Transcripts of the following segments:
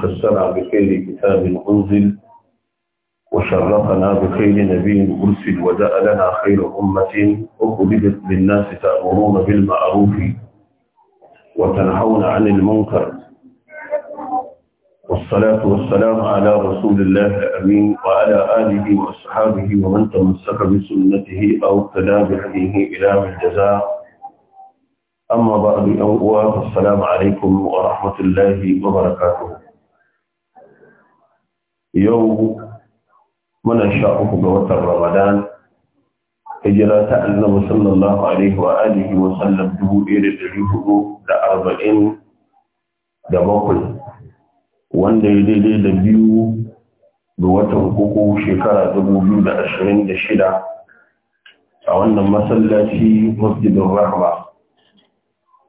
فسرع بخير كتاب أنزل وشرفنا بخير نبي أرسل ودأ لنا خير أمة أخرجت للناس تأمرون بالمعروف وتنهون عن المنكر والصلاة والسلام على رسول الله الأمين وعلى آله وأصحابه ومن تمسك بسنته أو ابتدى بهديه إلى الجزاء أما بعد أو السلام عليكم ورحمة الله وبركاته yau muna sha uku ga watan ramadan hijira ta annabi sallallahu alaihi wa alihi wa sallam dubu ɗaya da ɗari hudu da arba'in da bakwai wanda ya daidai da biyu ga watan uku shekara dubu biyu da ashirin da shida a wannan masallaci masjidin rahma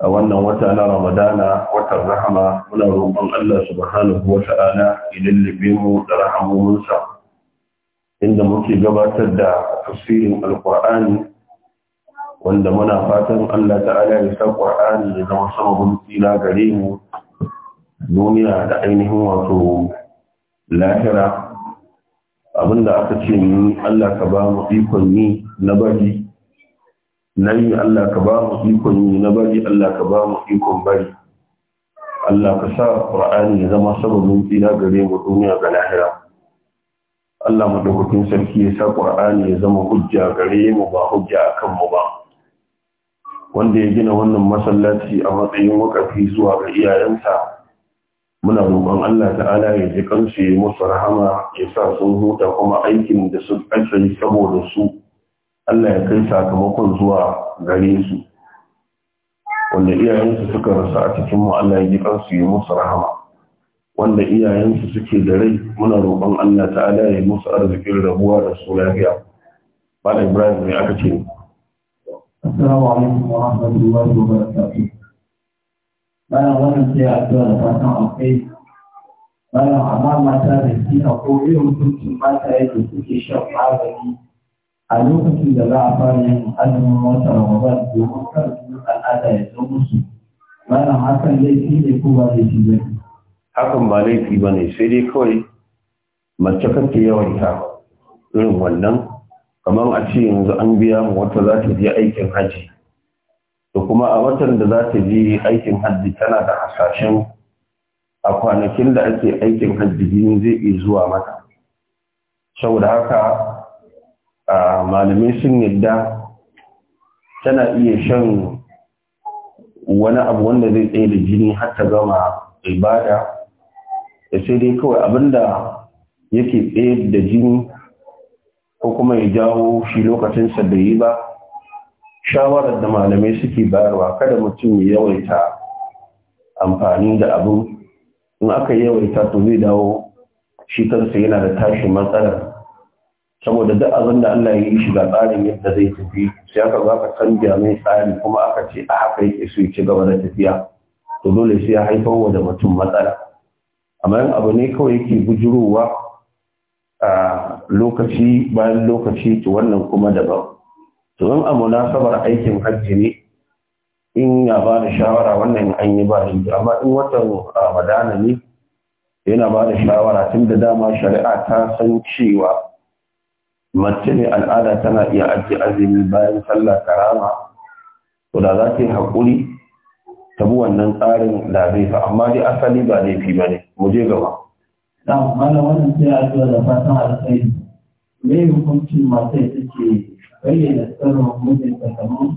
a wannan wata na ramadana watan rahama muna roƙon Allah subhanahu wa ta'ala idan mu da rahamominsa inda muke gabatar da tafsirin alƙur'ani wanda muna fatan Allah ta'ala ya sa ƙur'ani ya zama sababin tsira gare mu duniya da ainihin wato lahira abinda aka ce ni Allah ka ba mu ikon ni na bari na yi Allah ka ba mu ikon yi na bari Allah ka ba mu ikon bari Allah ka sa Qur'ani ya zama sababin tsira gare mu duniya ga lahira Allah madaukakin sarki ya sa Qur'ani ya zama hujja gare mu ba hujja kan mu ba wanda ya gina wannan masallaci a matsayin wakafi zuwa ga iyayensa muna roƙon Allah ta'ala ya ji kansu ya musu rahama ya sa sun huta kuma aikin da su yi saboda su Allah ya kai sakamakon zuwa gare su wanda iyayensu suka rasu a cikin mu Allah ya ji kansu yi musu rahama wanda iyayensu suke da rai muna roƙon Allah ta'ala ya yi musu arzikin rabuwa da su lafiya da Ibrahim ne aka ce Assalamu alaikum wa rahmatullahi wa barakatuh bayan wannan sai zuwa da fatan akwai bayan amma mata da kina ko irin mutuncin mata yadda suke shan magani a lokacin da za a fara yin azumin wata ramadan domin kar su al'ada ya zo musu malam hakan laifi ne ko ba laifi ba ne hakan ba laifi ba ne sai dai kawai mace kake yawaita irin wannan kamar a ce yanzu an biya mu wata za ta je aikin hajji da kuma a watan da za ta je aikin hajji tana da hasashen a kwanakin da ake aikin hajji zai iya zuwa mata saboda haka malamai sun yadda tana iya shan wani abu wanda zai tsaye da jini har ta gama ibada da sai dai kawai abin abinda yake tsaye da jini ko kuma ya jawo shi lokacinsa da yi ba shawarar da malamai suke bayarwa kada mutum ya yawaita amfani da abu, in aka yawaita to zai dawo shi kansa yana da tashi matsalar saboda duk abin da Allah ya yi shi ga tsarin yadda zai tafi sai aka za ka canja mai tsari kuma aka ce a haka yake so ya ci gaba da tafiya to dole sai ya haifar wa da mutum matsala amma yin abu ne kawai yake bujurowa a lokaci bayan lokaci to wannan kuma daban to in a munasabar aikin hajji ne in ya ba da shawara wannan an yi ba shi amma in watan ramadana ne yana ba da shawara tun da dama shari'a ta san cewa mace ne al'ada tana iya ajiye azumi bayan sallah karama to da za ta yi haƙuri ta bi wannan tsarin da zai fa amma dai asali ba laifi fi bane mu je gaba. Dan wannan wannan sai a zuwa da fatan alkhairi me hukuncin mata ita ce bayyana tsarin ta kamar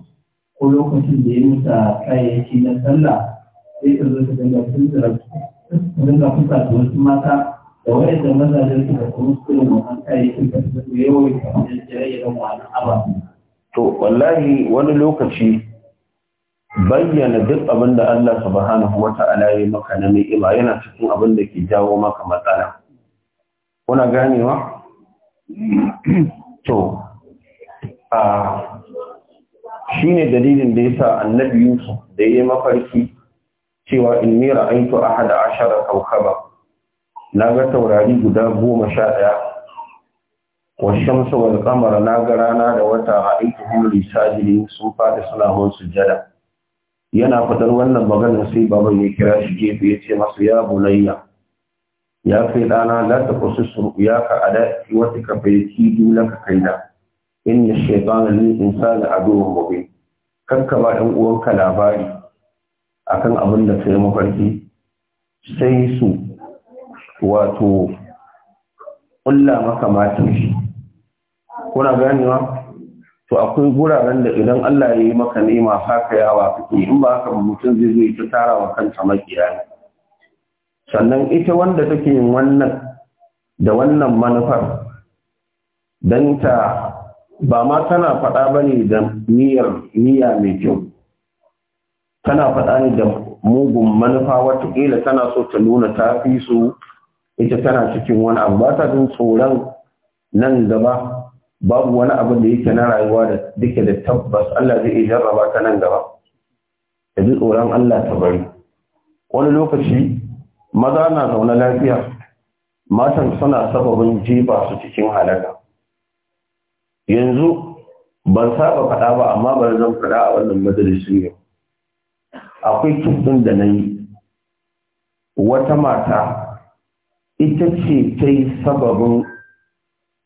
ko lokacin da ya musa kayayyaki na sallah sai ta zo ta dinga fusa da wasu mata da wani da mazajen da kuma an da su yawai kamar wani abu. To, wallahi wani lokaci bayyana duk abin da Allah subhanahu wa ta'ala ya maka na ni'ima yana cikin abin da ke jawo maka matsala. Kuna ganewa? To, a shi ne dalilin da ya sa annabi Yusuf da ya yi mafarki cewa in mira aitu hada ashara kaukaba na ga taurari guda goma sha ɗaya washen wal kamar na ga rana da wata a aiki humri sajiri sun faɗi suna hon sujada yana faɗar wannan maganar sai baban ya kira shi gefe ya ce masa ya bunayya ya kai ɗana za ta kusa surƙuya ka a daɗi wata ka fayyaki na ka kai da in ya shaitana lil da aduwwun mubin kanka ba ɗan uwanka labari akan abin da mafarki sai su wato ƙulla maka matan shi kuna ganewa to akwai guraren da idan Allah ya yi maka nema haka yawa kake in ba haka mutum zai zo ita tara wa kanta makiya sannan ita wanda take yin wannan da wannan manufar dan ta ba ma tana faɗa ba ne da niyyar niyya mai kyau tana faɗa ne da mugun manufa watakila tana so ta nuna ta fi ita tana cikin wani abu ba ta jin tsoron nan gaba babu wani abu da yake na rayuwa da duke da tabbas Allah zai iya jarraba ta nan gaba da ji tsoron Allah ta bari wani lokaci maza na zaune lafiya matan suna sababin jiba su cikin halaka yanzu ban saba faɗa ba amma bari zan faɗa a wannan majalisun yau akwai tuntun da na yi wata mata ita ce ta yi sababin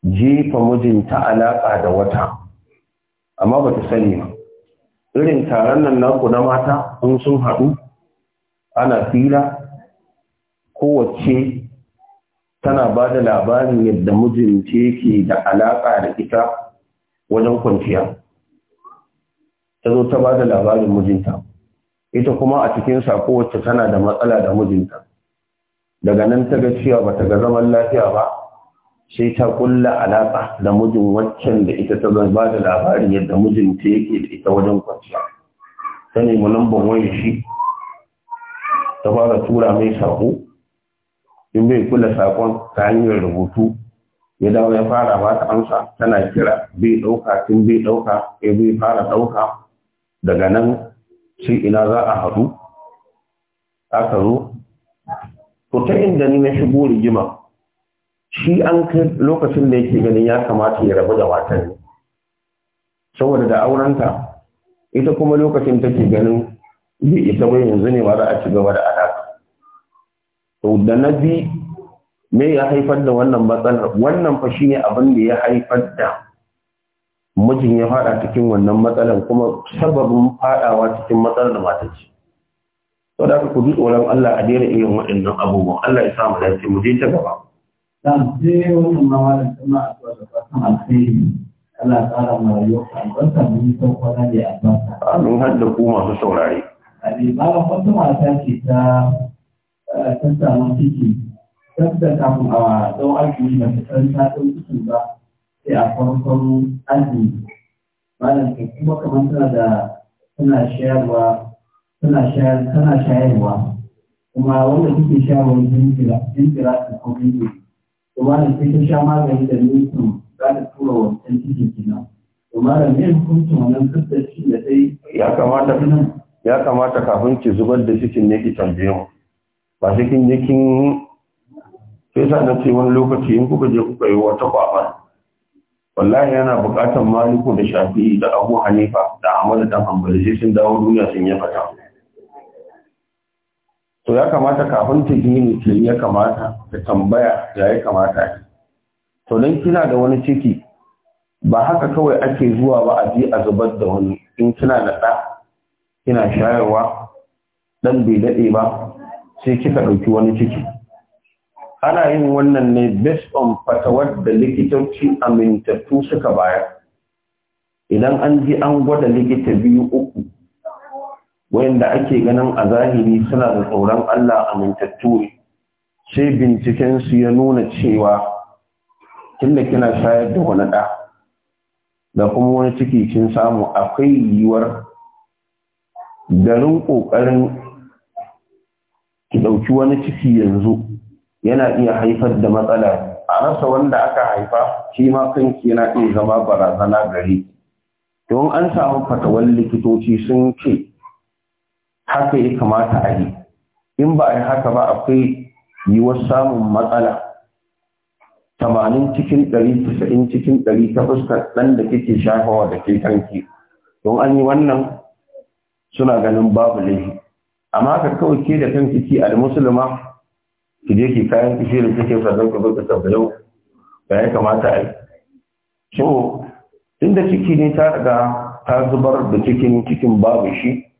jefa mijinta alaƙa da wata amma ba ta sani ba irin taron nan naku na mata in sun haɗu ana fila kowace tana ba da labarin yadda mijinta yake da alaƙa da ita wajen kwanciya ta zo ta ba da labarin mijinta ita kuma a cikin sa kowace tana da matsala da mijinta daga nan ta ga cewa ba ta ga zaman lafiya ba sai ta kulla alaƙa da mijin waccan da ita ta ba da labarin yadda mijinta yake da ita wajen kwanciya ta nemi lambar wani shi ta fara tura mai saƙo in bai kula saƙon ta hanyar rubutu ya dawo ya fara ba ta amsa tana kira bai ɗauka tun bai ɗauka ya bai fara ɗauka daga nan sai ina za a haɗu aka zo to ta inda ni na shigo rigima shi an kai lokacin da yake ganin ya kamata ya rabu da watan ne saboda da aurenta ita kuma lokacin take ganin bai ita bai yanzu ne mara a ci gaba da alaƙa to da na bi me ya haifar da wannan matsalar wannan fa shine abin da ya haifar da mijin ya faɗa cikin wannan matsalar kuma sababin faɗawa cikin matsalar mata ce to da ku ji tsoron Allah a daina irin waɗannan abubuwan Allah ya sa mu dace mu je ta gaba dan je wannan mawalan kuma a zuwa da fatan alheri Allah ya tsara mu rayuwa albarka mu yi san kwana da albarka amin har da ku masu saurare ali ba wata ta ce ta eh, ta samu ciki tabbata kafin a don aiki ba ta san ta ɗau ciki ba sai a farkon azumi malam ta kuma kamar tana da tana shayarwa tana shayarwa kuma wanda suke shayarwa jinkira su ko kinki kuma da suke sha magani da nufin za ta tura wancan cikin kina kuma da mai hukuncin wannan tsaftaci da sai ya kamata ya kamata kafin ki zubar da cikin ne ki tambaye mu ba cikin ne kin sai sa na ce wani lokaci in kuka je kuka yi wata kwafa wallahi yana buƙatar maliku da shafi da abu hanifa da ahmad da hanbali sai sun dawo duniya sun yi fata to ya kamata kafin ta gini ke ya kamata ta tambaya ya ya kamata to don kina da wani ciki ba haka kawai ake zuwa ba a je a zubar da wani in kina da ɗa kina shayarwa ɗan bai daɗe ba sai kika ɗauki wani ciki ana yin wannan ne based on fatawar da likitoci amintattu suka bayar idan an ji an gwada likita biyu uku wayanda ake ganin a zahiri suna da tsoron Allah amintattu sai binciken su ya nuna cewa tunda kina shayar da wani ɗa da kuma wani ciki kin samu akwai yiwuwar garin ƙoƙarin ki ɗauki wani ciki yanzu yana iya haifar da matsala a rasa wanda aka haifa shi ma kanki yana iya zama barazana gare don an samu fatawan likitoci sun ce haka ya kamata a yi in ba a yi haka ba akwai yiwuwar samun matsala tamanin cikin ɗari cikin ɗari ta fuskar ɗan da kike shafawa da ke kanki don an yi wannan suna ganin babu laifi amma ka kawai ke da kanki ki Musulma? ki je ki kayan kishi da kike ka zauka zauka tabbayau ba ya kamata a yi so inda ciki ne ta riga ta zubar da cikin cikin babu shi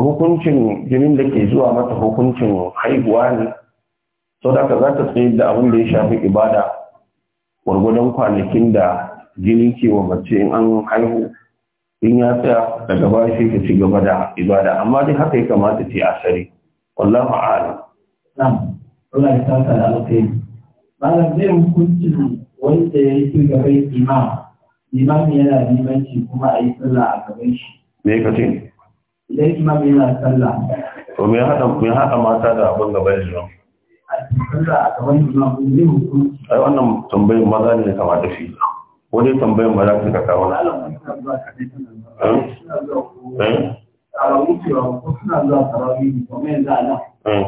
hukuncin jinin da ke zuwa mata hukuncin haihuwa ne sau da za ta tsaye da abin da ya shafi ibada gwargwadon kwanakin da jini ke wa mace in an haihu in ya tsaya daga baya shi ka ci gaba da ibada amma dai haka ya kamata ce asali wallahu a'lam na'am Allah ya saka da alƙairi malam zai hukunci wanda ya yi gaban imam imam yana limanci kuma a yi sallah a gaban shi me ka ce idan imam yana sallah to me hada me hada mata da abin gaba da imam sallah a gaban imam ne hukunci ai wannan tambayin maza ne kama da shi ko dai tambayin maza ka kawo na eh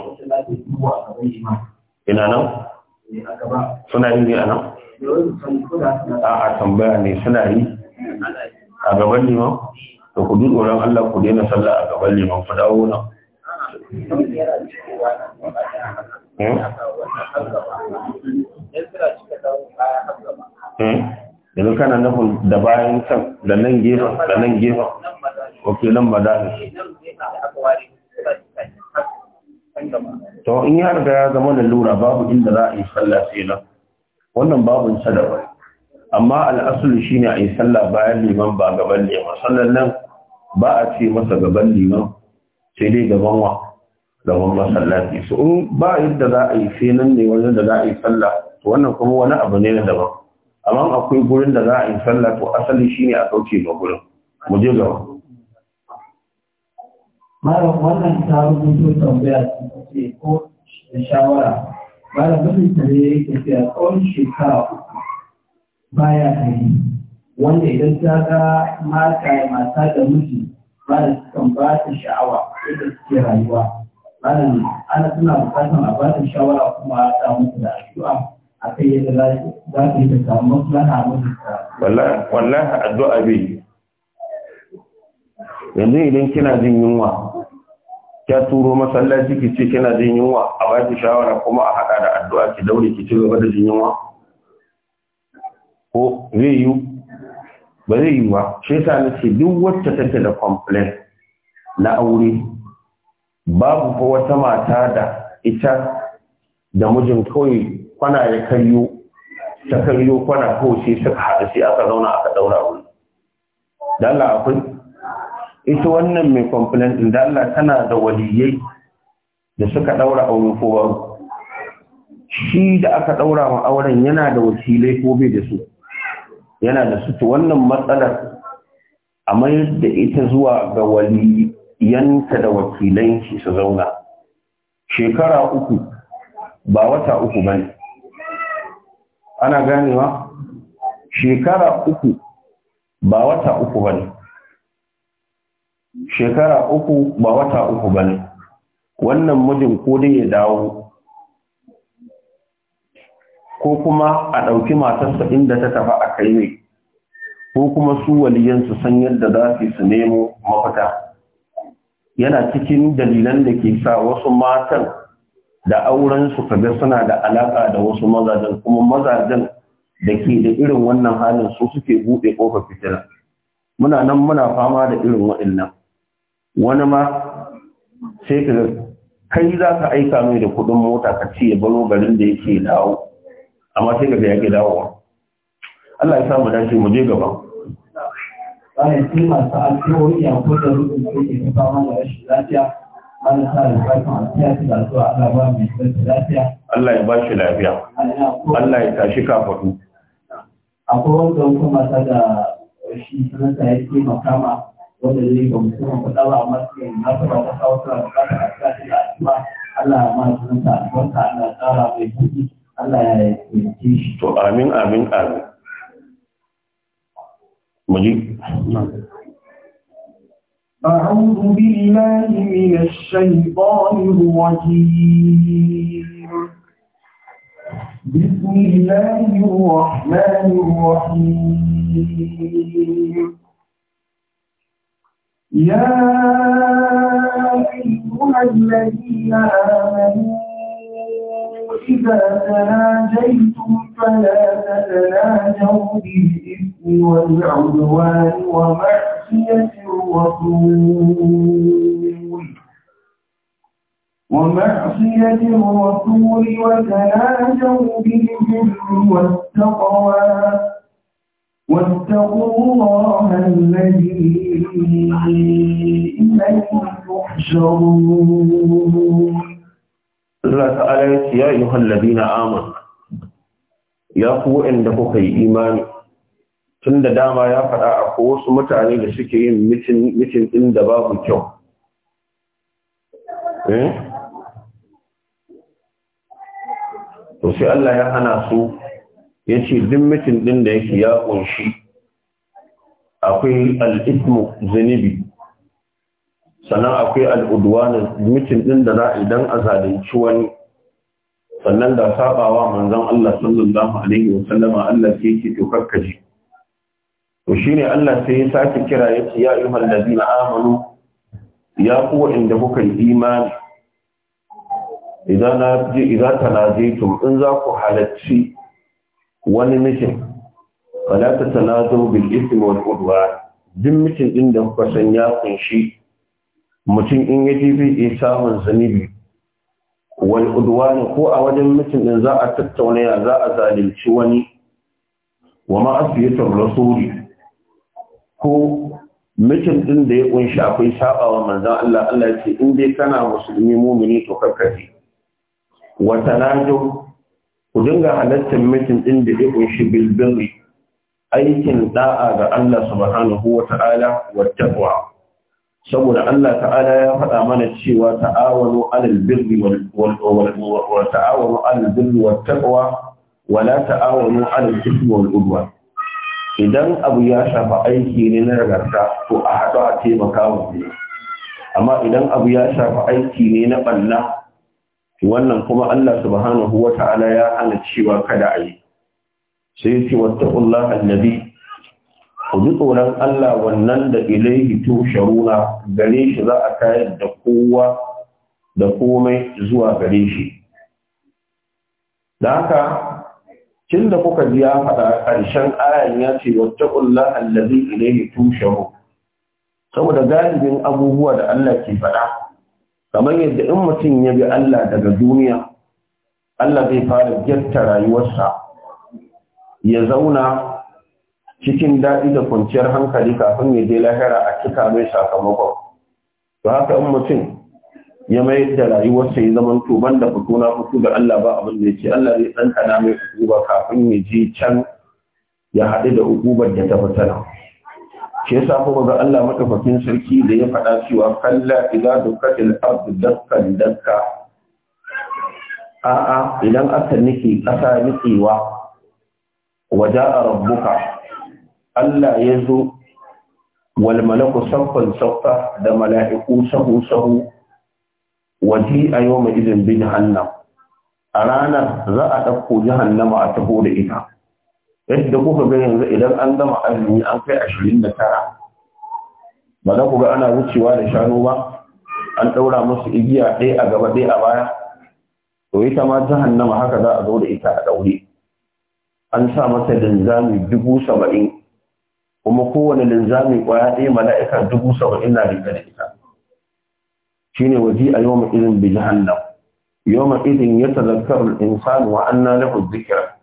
ina nan? Eh, suna yin ne a nan? Eh, a tambaya ne suna yi eh, a gaban liman? da ku duk wurin Allah ku daina sallah a gaban liman ku dawo nan hmm? Hmm? yanzu kana nufin da bayan can da nan gefen da nan gefen ok nan ba dahi to in ya riga ya zama da lura babu inda za a yi sallah sai nan wannan babun sadaba amma shi ne a yi sallah bayan liman ba gaban liman sannan nan ba a ce masa gaban liman sai dai gaban wa gaban masallaci su in ba yadda za a yi sai nan ne wajen da za a yi sallah to wannan kuma wani abu ne na daban amma akwai gurin da za a yi sallah to asali shi ne a kauce ga gurin mu je gaba malam wannan ta rubuto tambaya ce ko da shawara malam mutum ne yake tafiya tsawon shekara uku baya gari wanda idan ta ga mata mata da miji ba da sukan ba ta sha'awa yadda suke rayuwa malam ana suna bukatar a ba ta shawara kuma a ta musu da addu'a a kai yadda za ta yi ta samu maslaha a ta wallahi addu'a bai yanzu idan kina jin yunwa ya turo masallaci ki ce kina jin yunwa a ba ki shawara kuma a haɗa da addu'a ki daure ki ci gaba da jin yunwa ko zai yi ba zai yiwa ba shi yasa na ce duk wacce take da complain na aure babu fa wata mata da ita da mijin kawai kwana ya karyo ta karyo kwana kawai sai suka haɗu sai aka zauna aka ɗaura wuri da Allah akwai ita wannan mai complain din da Allah tana da waliyai da suka ɗaura aure ko shi da aka ɗaura ma auren yana da wakilai ko bai da su yana da su wannan matsalar a mayar da ita zuwa ga waliyanta da shi su zauna shekara uku ba wata uku ba ana ganewa shekara uku ba wata uku ba shekara uku ba wata uku ba ne wannan mijin ko dai ya dawo ko kuma a ɗauki matarsa inda ta tafi a kai mai ko kuma su waliyan san yadda za su su nemo mafita yana cikin dalilan da ke sa wasu matan da auren su kaga suna da alaka da wasu mazajen kuma mazajen da ke da irin wannan halin su suke buɗe ƙofar fitila muna nan muna fama da irin waɗannan wani ma sai ka kai za ka aika mai da kuɗin mota ka ce baro garin da yake dawo amma sai ga yake dawowa Allah ya samu dace mu je gaba bayan sai masu a kodin rukun da ta fama da rashin lafiya Allah ya ba shi lafiya. Allah ya tashi ka kafaɗu. Akwai wanda kuma mata da shi sanata ya ke makama wanda zai ga musamman ba a matsayin na da ta ta ta ta ta ta ta ta ta ta ta ta ta ta ta ta ta Allah ya yi shi. To amin amin amin. Muji. أعوذ بالله من الشيطان الرجيم بسم الله الرحمن الرحيم يا أيها الذين آمنوا وإذا تناجيتم فلا تتناجوا بالإثم والعدوان ومعصية الرسول ومعصية الرسول وتناجوا بالبر والتقوى واتقوا الله الذي إليه تحشرون Allah ta'ala ya ce ya ayyuhal ladina amanu ya ku inda kuka yi imani tun da dama ya faɗa a wasu mutane da suke yin mitin ɗin da babu kyau eh? to Allah ya hana su ya ce duk mitin ɗin da yake ya ƙunshi akwai al'ismu zunubi sannan akwai na mutum ɗin da za idan a zalunci wani sannan da sabawa manzan Allah sallallahu alaihi wasallama Allah sai yake to kaji. to shine Allah sai ya sake kira ce, ya ayyuhal ladina amanu ya kuwa inda kuka yi imani idan na je idan in za ku halarci wani mishin fala zo bil ismi wani udwan din mishin ɗin da kuka san ya kunshi mutum in ya ji zai samun zunubi uduwa ne ko a wajen mutum din za a tattauna ya za a zalunci wani wa ma asbiyatur rasuli ko mutum ɗin da ya kunshi akwai saba wa manzon Allah Allah ce in dai kana musulmi mumini to karkace wa tanajo ku dinga halartar mutum ɗin da ya kunshi bilbirri aikin da'a ga Allah subhanahu wa ta'ala wa taqwa saboda Allah ta'ala ya faɗa mana cewa ta'awanu alal birri wa ta'awanu alal birri wa taqwa wa la ta'awanu alal ithmi wal udwan idan abu ya shafa aiki ne na nagarta to a haɗu a taimaka wa amma idan abu ya shafa aiki ne na ɓalla wannan kuma Allah subhanahu wa ta'ala ya hana cewa kada a yi sai ce wattaqullaha alladhi ku ji tsoron Allah wannan da ilaihi sharuna gare shi za a tayar da kowa da komai zuwa gare shi da haka cin da kuka ji ya faɗa ƙarshen ayan ya ce wata ƙulla allazi ilaihi sharu. saboda galibin abubuwa da Allah ke faɗa kamar yadda in mutum ya bi Allah daga duniya Allah zai fara gyatta rayuwarsa ya zauna cikin daɗi da kwanciyar hankali kafin ya je lahira a cika mai sakamakon Ba haka in mutum ya mai da rayuwar ya zaman tuban da fito na fito da Allah ba abin da yake Allah zai dan kana mai hukuma kafin ya je can ya haɗu da hukumar da ta fita shi yasa kuma ga Allah matafakin sarki da ya faɗa cewa kalla idza dukatil ardu dakkan dakka a'a idan aka niki ƙasa nikewa waja'a rabbuka Allah ya zo wal malaku saffan saffa da mala'iku sahu sahu waje a yau mai izin bin hannan a ranar za a ɗauko jahannama a taho da ita yadda kuka ga yanzu idan an gama azumi an kai ashirin da tara ba za ku ga ana wucewa da shanu ba an ɗaura musu igiya ɗaya a gaba ɗaya a baya to ita ma jahannama haka za a zo da ita a ɗaure an sa masa linzami dubu saba'in kuma kowane linzami kwaya ɗaya mala'ika dubu saba'in ina riƙe da ita shi ne waje a yau izin bi jahannam yau izin ya tazarkar insanu wa an na zikira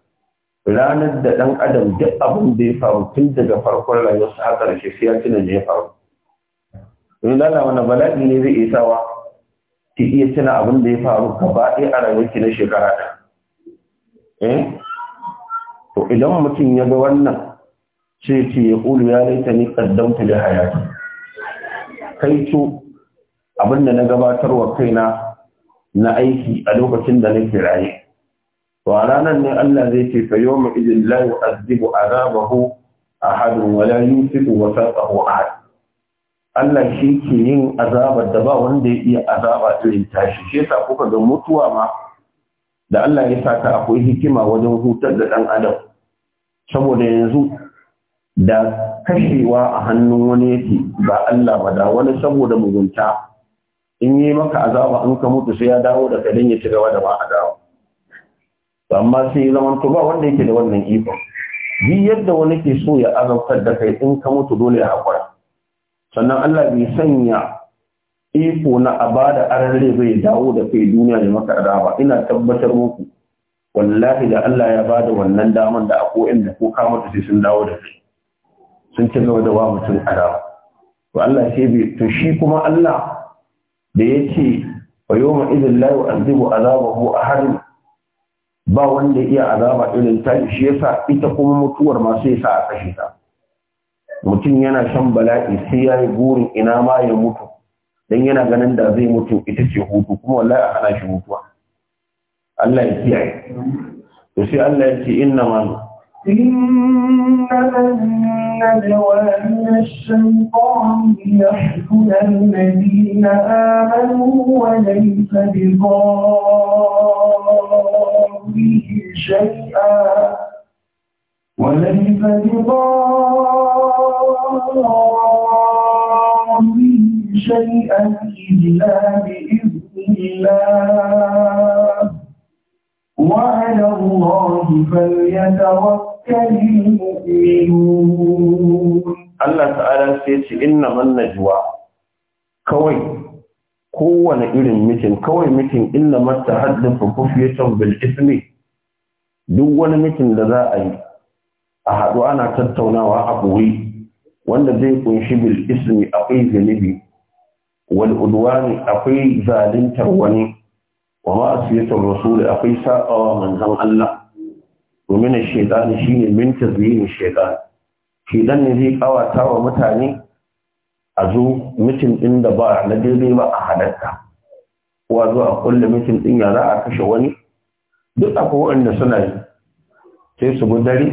ranar da ɗan adam duk abin da ya faru tun daga farkon rayuwarsa har ƙarshe sai ya tuna da ya faru in lalata wani bala'i ne zai iya sawa ki iya tuna abin da ya faru gaba ɗaya a rayuwarki na shekara ɗaya eh? to idan mutum ya ga wannan sai ce ya ƙulu ya laita ne ƙaddamta da hayati kai to abinda na gabatarwa kaina na aiki a lokacin da nake raye to a ranar ne Allah zai ce fa yawma idin la a azabahu ahadun wa wata tsaho a hadin Allah shi ke yin azabar da ba wanda ya iya azaba irin tashi shi yasa kuka ga mutuwa ma da Allah ya saka akwai hikima wajen hutar da ɗan adam saboda yanzu da kashewa a hannun wani yake ba Allah ba da wani saboda mugunta in yi maka azaba an ka mutu sai ya dawo da kadin ya ci gaba da ba azaba to amma sai zaman to ba wanda yake da wannan iko bi yadda wani ke so ya azabtar da kai in ka mutu dole ya hakura sannan Allah bai sanya iko na abada arare bai dawo da kai duniya ne maka azaba ina tabbatar muku wallahi da Allah ya bada wannan daman da a ko inda ko ka mutu sai sun dawo da kai sun ci gaba da wa mutum arawa to Allah sai bi to shi kuma Allah da yace wa yawma idhil la yu'adhibu a harin, ba wanda iya azaba irin ta shi yasa ita kuma mutuwar ma sai yasa a kashe ta mutum yana shan bala'i sai yayi burin ina ma ya mutu dan yana ganin da zai mutu ita ce hutu kuma wallahi hana shi mutuwa Allah ya kiyaye to sai Allah ya ce inna ma إنما النجوى من الشيطان ليحزن الذين آمنوا وليس بضاره شيئا وليس بضاره شيئا إلا بإذن الله وعلى الله فليتوكل Allah ta'ala sai تعالى سيتي إنما النجوى kawai kowane irin mitin kawai mitin illa mata haddin fufufiyatan bil ismi duk wani mitin da za a yi a haɗu ana tattaunawa a ɓoye wanda zai kunshi bil ismi akwai zunubi wal udwani akwai zaluntar wani wa ma asiyatar rasul akwai saɓawa manzon Allah domin shaitan shine min tazyin shaitan shaitan ne zai kawata wa mutane a zo mutum din da ba na daidai ba a halatta ko a zo a kulle mutum din ya za a kashe wani duk akwai wanda suna yi sai su dare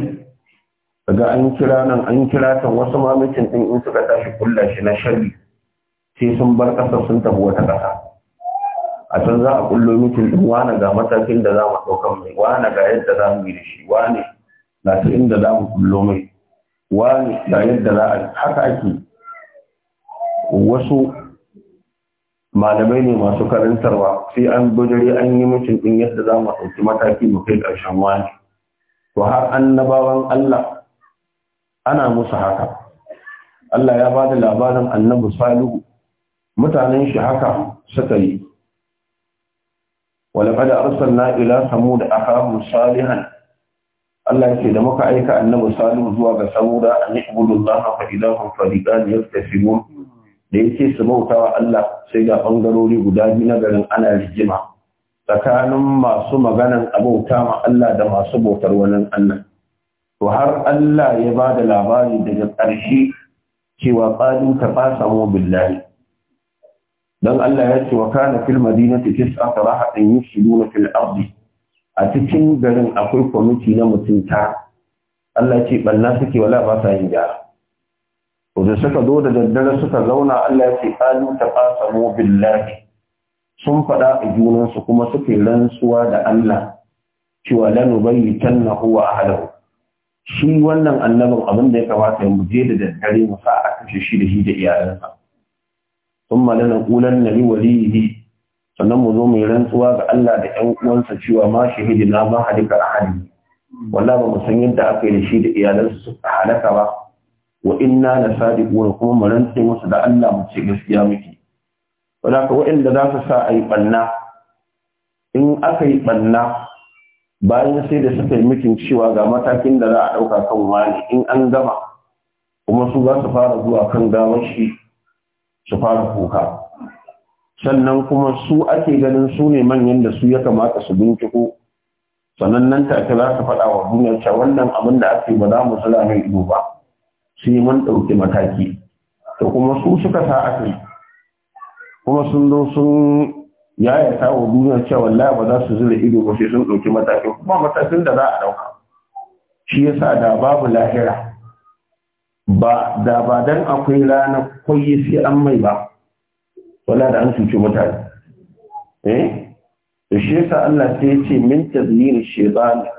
daga an kira nan an kira can, wasu ma mutum din in suka tashi kulla shi na sharri sai sun bar ƙasa sun tafi wata ƙasa a san za a kullo mutum din wane ga matakin da za mu ɗaukan mai wane ga yadda za mu yi da shi wane na ta inda za mu kullo mai wane ga yadda za a haka ake wasu malamai ne masu karantarwa sai an bujari an yi mutum din yadda za mu ɗauki mataki mu kai ƙarshen wane to har annabawan Allah ana musu haka Allah ya ba da labarin annabi salihu mutanen shi haka suka yi walaƙada arsal na’ila samu da aka musalihan Allah ce da muka aika annabu salim zuwa ga saboda a ni abudullah haka idan farida ne ya tafi mun da yake su bauta wa Allah sai da bangarori guda biyu na garin ana rijima tsakanin masu maganan abauta ma Allah da masu bautar wani Allah to har Allah ya ba da labari daga ƙarshe cewa tsalin ta ba samu billahi dan Allah ya ce wa kana fil madinati tis'atu rahatin yufsiduna fil ardi a cikin garin akwai kwamiti na mutunta Allah ce banna suke wala ba sa yin gyara ko da suka zo da daddare suka zauna Allah ya ce qalu taqasamu billahi sun faɗa a junan su kuma suke rantsuwa da Allah cewa lanubayyitannahu wa ahlihi shi wannan annabin abin da ya kamata mu je da daddare mu sa a kashe shi da shi da iyalansa ثم لنقولن لوليه sannan mu zo mu rantsuwa ga Allah da ƴan uwansa cewa ma shahidi na ma halika ahadi walla ba mu san yadda aka yi da shi da iyalansu su halaka ba wa inna la sadiqun kuma mu rantsi musu da Allah mu ce gaskiya muke wanda ka inda za su sa a yi ɓanna in aka yi ɓanna bayan sai da suka yi mikin cewa ga matakin da za a ɗauka kan wani in an gama kuma su za su fara zuwa kan gawar shi su fara kuka sannan kuma su ake ganin su ne manyan da su ya kamata su binciko sannan nan take za su faɗa wa duniya cewa wannan abin da ake ba za mu sala mai ido ba yi mun ɗauki mataki to kuma su suka sa aka kuma sun zo sun ta wa duniya cewa wallahi ba za su zura ido ba sai sun ɗauki mataki kuma matakin da za a ɗauka shi yasa da babu lahira ba da ba dan akwai ranar kwaye sai an mai ba wala da an cuci mutane eh shi yasa Allah sai ya ce min tazyir shaytan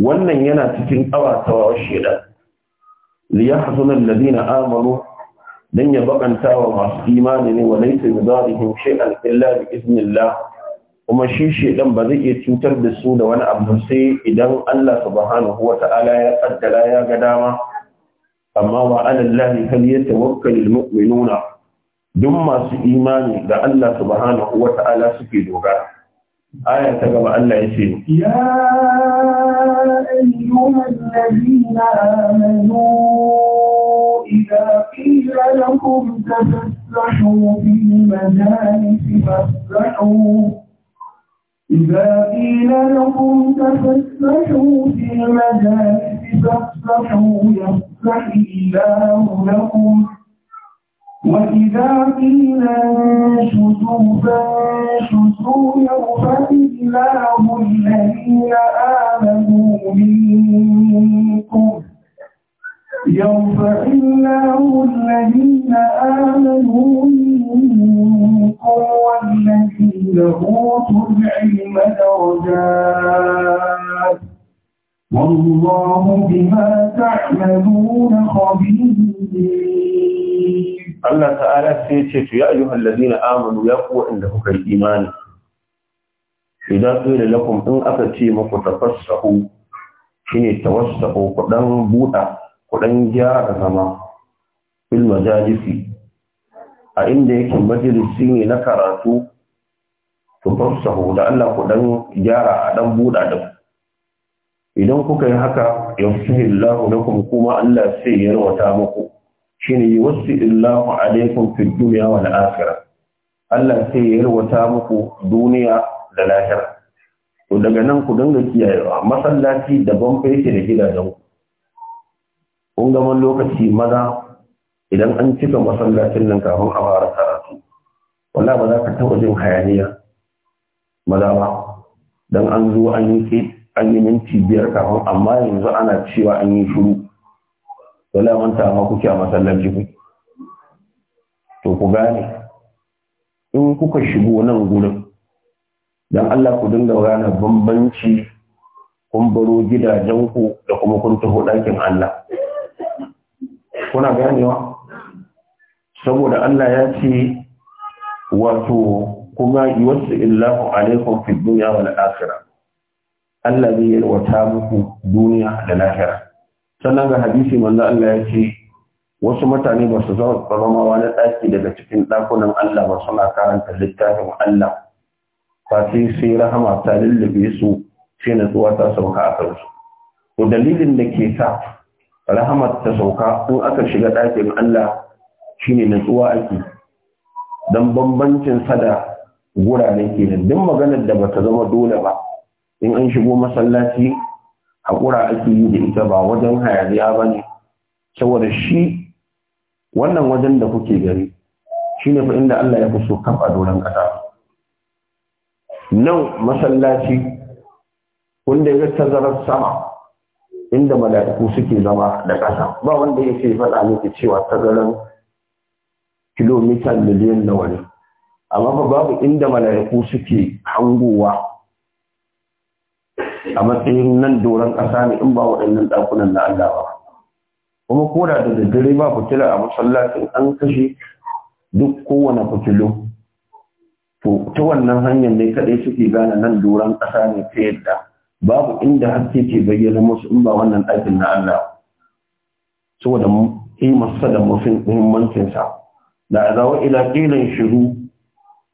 wannan yana cikin awatawa shaytan li yahzuna alladhina amanu dan ya bakanta wa masu imani ne wa laysa bidarihim shay'an illa bi iznillah kuma shi shaytan ba zai iya cutar da su da wani abu sai idan Allah subhanahu ta'ala ya kaddara ya ga dama أما وعلى الله فليتوكل المؤمنون دم إيمان ذا الله سبحانه وتعالى سكي دوغا آية تقبع الله يا أيها الذين آمنوا إذا قيل لكم تفسحوا في المجالس فافسحوا إذا قيل لكم تفسحوا في المجالس فافسحوا فإله لكم وإذا قيل انشزوا فانشزوا يغفر الله الذين آمنوا منكم يرفع الله الذين آمنوا منكم والذين أوتوا العلم درجات Wannan ta nuna kofi Allah Ta'ala Sa'a ya ce, to yi a yi yohan ya fi waɗanda kuka yi imani. Sai da su in aka ce muku tafassaho shine tafassaho kuɗan buɗa, kuɗan gyara zaman ilimin jihar Jafi. A inda yake majalisi ne na karatu, to tafassaho da Allah ku ɗan gyara a ɗan buɗa. idan kuka yi haka yafsihillahu lakum kuma Allah sai ya rawata muku shine yuwassilillahu alaikum fid dunya wal akhirah Allah sai ya rawata muku duniya da lahira to daga nan ku dinga kiyayewa masallaci da fa yake da gidajen ku kun ga lokaci maza idan an cika masallacin nan kafin a fara karatu wallahi ba za ka taɓa jin hayaniya maza ba dan an zo an yi an yi minti biyar kafin amma yanzu ana cewa an yi shuru dole manta ma kuke a masallaci ku to ku gane in kuka shigo nan gurin dan Allah ku dinga gane bambanci kun baro gidajen ku da kuma kun taho ɗakin Allah kuna wa? saboda Allah ya ce wato kuma yuwassu illahu alaikum fid dunya wal akhirah Allah zai yalwata muku duniya da lahira sannan ga hadisi manzo Allah ya ce wasu mutane ba su zama wani ɗaki daga cikin ɗakunan Allah ba suna karanta littafin Allah ba sai sai rahama ta lullube su sai natsuwa ta sauka a kansu to dalilin da ke sa Rahama ta sauka in aka shiga ɗakin Allah shine natsuwa ake don bambancin sada guraren kenan duk maganar da bata zama dole ba in an shigo masallaci haƙura ake yi da ita ba wajen hayaniya ba ne saboda shi wannan wajen da kuke gari shi ne fa inda Allah ya fi so kaf a doron ƙasa nan masallaci wanda ya tazarar sama inda mala'iku suke zama da ƙasa ba wanda ya ce faɗa miki cewa tazarar kilomita miliyan nawa ne amma babu inda mala'iku suke hangowa a matsayin nan doron ƙasa ne in ba waɗannan ɗakunan na Allah ba kuma ko da da daddare ba fitila a masallacin an kashe duk kowane fitilu to ta wannan hanyar ne kaɗai suke gane nan doron ƙasa ne ta yadda babu inda haske ke bayyana musu in ba wannan ɗakin na Allah saboda himarsa da muhimmancinsa da za wa ila ƙilan shiru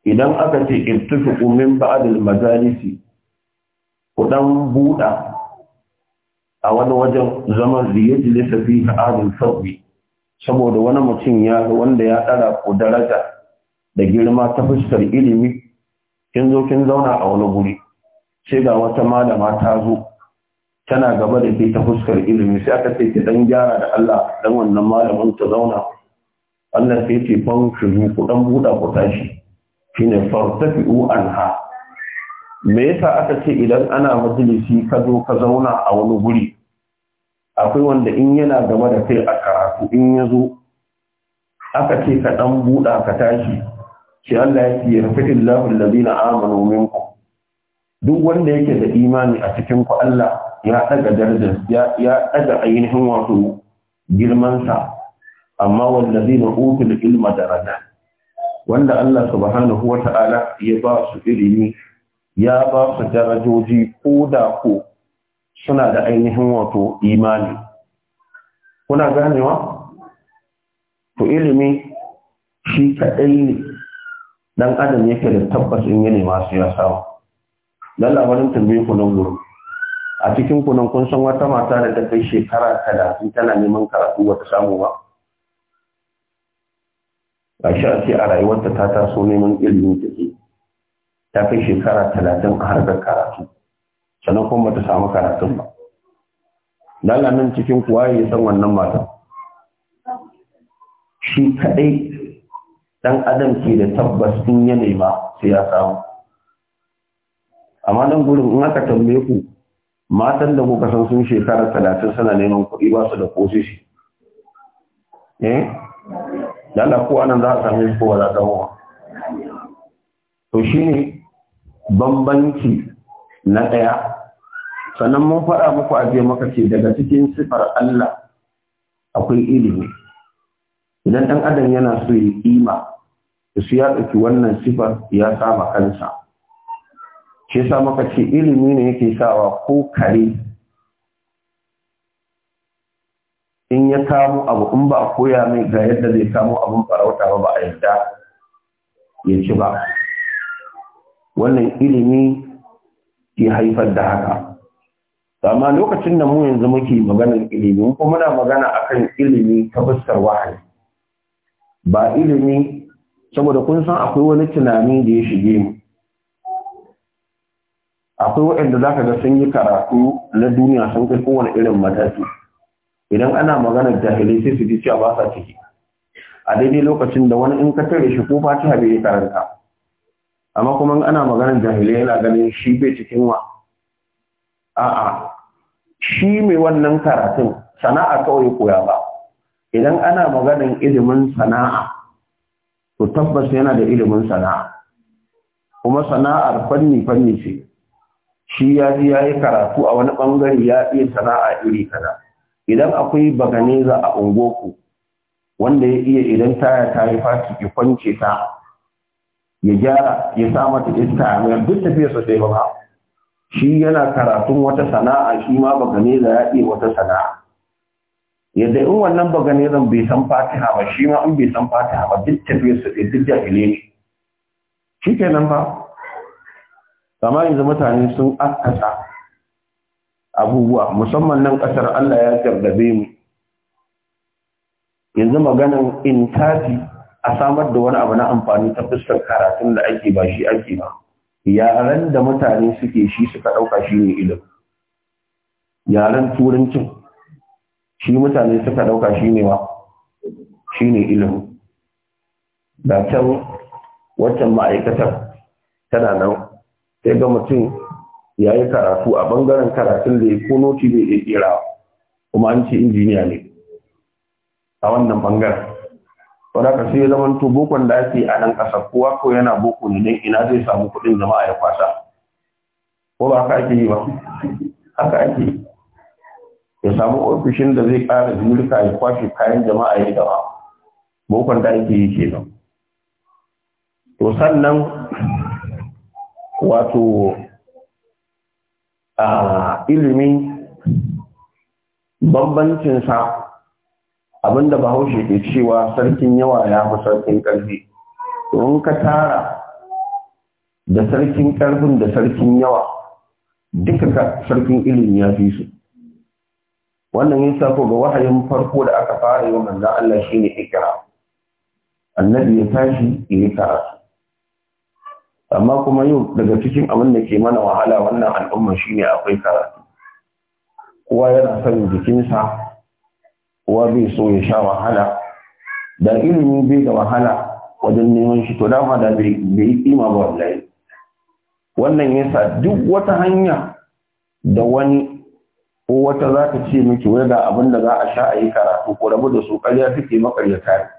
idan aka ce irtufiku min ba'adil majalisi ku dan buɗa a wani wajen zaman liyajili safi adin sabbi saboda wani mutum ya wanda ya ɗara ku daraja da girma ta fuskar ilimi kin zo kin zauna a wani guri sai ga wata malama ta zo tana gaba da ke ta fuskar ilimi sai aka sai ki dan gyara da Allah dan wannan malamin ta zauna Allah sai ce ban ku dan buɗa ku tashi shine fartafi'u anha me yasa aka ce idan ana majalisi ka zo ka zauna a wani guri akwai wanda in yana gaba da kai a karatu in ya zo aka ce ka dan buɗa ka tashi shi Allah ya ce yarfaqillahu allazina amanu minkum duk wanda yake da imani a cikin ku Allah ya daga darajar ya daga ainihin wato girman sa amma wallazina utul ilma daraja wanda Allah subhanahu ta'ala ya ba su ilimi ya ba su darajoji ko da ko suna da ainihin wato imani kuna ganewa to ilimi shi kaɗai ne ɗan adam yake da tabbas in nema masu ya samu dan labarin tambayi ku nan a cikin ku nan kun san wata mata da ta kai shekara talatin tana neman karatu wata samu ba a sha ce a rayuwarta ta taso neman ilimin ta ta kai shekara talatin a harkar karatu sannan kuma ta samu karatun ba nan cikin kuwa ya san wannan matan shi kaɗai ɗan adam ke da tabbas in ya nema sai ya samu amma nan gurin in aka tambaye ku matan da kuka san sun shekara talatin suna neman kuɗi ba su da kosi shi eh lalla kowa nan za a sami su kowa za a to shi ne bambanci na ɗaya sannan mun faɗa muku a je maka ce daga cikin sifar Allah akwai ilimi idan ɗan adam yana so ya to su ya ɗauki wannan sifar ya sama kansa shi sa maka ce ilimi ne yake sawa ko kare in ya kamo abu in ba koya mai ga yadda zai kamo abin farauta ba ba a yadda ya ci ba wannan ilimi ke haifar da haka amma lokacin da mu yanzu muke maganar ilimi kuma muna magana akan ilimi ta fuskar wahayi ba ilimi saboda kun san akwai wani tunani da ya shige mu akwai waɗanda za ka ga sun yi karatu na duniya sun kai kowane irin mataki idan ana maganar jahilai sai su ji cewa ba sa ciki a daidai lokacin da wani in ka tare shi ko fatiha bai yi karanta amma kuma ana maganar jahilai yana ganin shi bai cikin wa a'a shi mai wannan karatun sana'a kawai koya ba idan ana maganar ilimin sana'a to tabbas yana da ilimin sana'a kuma sana'ar fanni fanni ce shi ya ji ya yi karatu a wani bangare ya iya sana'a iri kaza idan akwai baganeza a ungoku wanda ya iya idan taya ta yi faci ki kwance ta ya gyara ya sa mata iska a mayar duk tafiya su sai ba shi yana karatun wata sana'a shi ma baganeza ya iya wata sana'a yadda in wannan baganezan bai san fatiha ba shi ma in bai san fatiha ba duk tafiya su sai duk jahile ne shi kenan ba kama yanzu mutane sun akasa abubuwa musamman nan kasar Allah ya gargabe mu yanzu maganan intaji a samar da wani abu na amfani ta fuskar karatun da ake ba shi ake ba yaran da mutane suke shi suka ɗauka shi ne ilim yaran turancin shi mutane suka ɗauka shi ne wa shi ne ilim da can waccan ma'aikatar tana nan sai ga mutum ya yi karatu a ɓangaren karatun da ya kono ci bai iya kuma an ce injiniya ne a wannan ɓangaren wadda ka sai zaman to bokon da ake a nan kasar kowa ko yana boko ne don ina zai samu kuɗin da a ya kwasa ko ba ka ake yi ba haka ake yi ya samu ofishin da zai ƙara zurika ya kwashe kayan jama'a ya gaba bokon da ake yi kenan to sannan wato a bambancin bambancinsa abinda bahaushe ke cewa sarkin yawa ya fi sarkin ƙarfi in ka tara da sarkin ƙarfin da sarkin yawa duka ka sarkin ilimi ya fi su wannan ya sako ga wahayin farko da aka fara yi manzo Allah shi ne ikira. annabi ya tashi ya karatu amma kuma yau daga cikin abin da ke mana wahala wannan al'umma ne akwai karatu kowa yana son jikinsa uwa bai so ya sha wahala da ilimi bai da wahala wajen neman shi to dama da bai yi kima ba wallahi wannan yasa duk wata hanya da wani ko wata za ta ce miki wai ga abin da za a sha a yi karatu ko rabu da su ƙarya take makaryata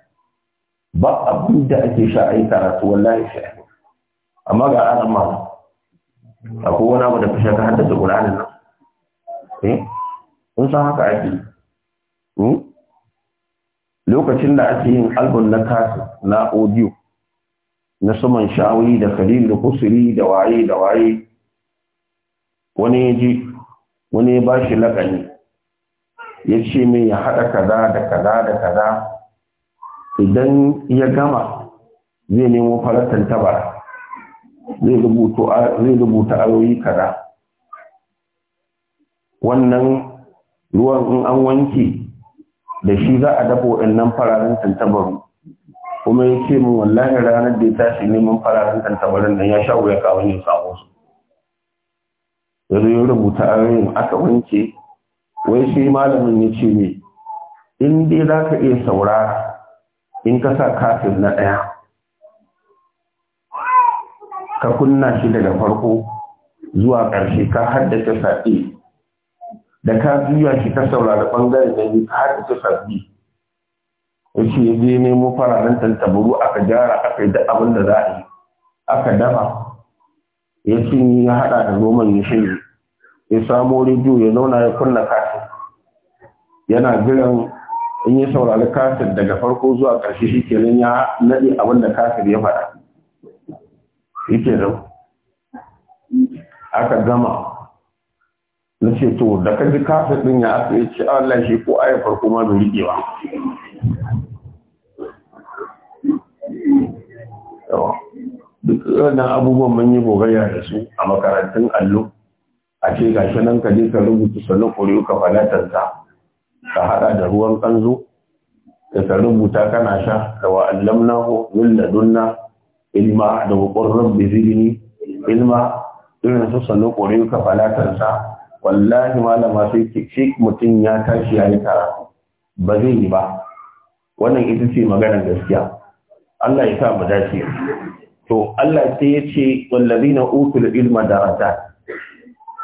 ba abin da ake sha a yi karatu wallahi shi amma ga ranar ma akwai wani abu da fashe ta haddasa ƙuranin nan eh in san haka ake Hmm? lokacin da ake yin albun na kasu na audio na saman sha'awi da kalil da kusuri da waye da waye wani ya ji wani ya ba shi laƙani ya ce min ya haɗa kaza da kaza da kaza idan ya gama zai nemo faratan tabara zai rubuta ayoyi kaza wannan ruwan in an wanke da shi za a dafa waɗannan fararen tantabaru kuma ya ce min wallahi ranar da ya tashi neman fararen tantabarin nan ya sha wuya kawo ne samu su ya zo ya rubuta ayoyin aka wanke wai shi malamin ya ce ne in dai za ka iya saura in ka sa kafin na ɗaya ka kunna shi daga farko zuwa ƙarshe ka haddace sa'i da ka juya shi ka saurari bangare da yi har ita sabbi ya ce ya je nemo fararen tantabaru aka gyara aka yi da abin da za a yi aka dafa ya yi ya haɗa da roman ya shirya ya samo rediyo ya zauna ya kunna kasin yana jiran in ya saurari kasin daga farko zuwa karshe shi ke nan ya naɗe abin da kasin ya faɗa shi kenan aka gama na ce to da ka ji kafin ɗin ya aka yi ce Allah shi ko ayar farko ma bai rike ba duk wannan abubuwan mun yi gogayya da su a makarantun allo a ce ga shi nan ka je ka rubuta salon ƙuri'u ka falatarsa ka haɗa da ruwan ƙanzo da ka rubuta kana sha da wa allamnahu min dunna ilma da wa qur rabbi zidni ilma irin su salon ka falatarsa wallahi malama sai shi mutum ya tashi ya yi karatu ba zai yi ba wannan ita ce maganar gaskiya Allah ya sa mu dace to Allah sai ya ce wallazina utul ilma darajat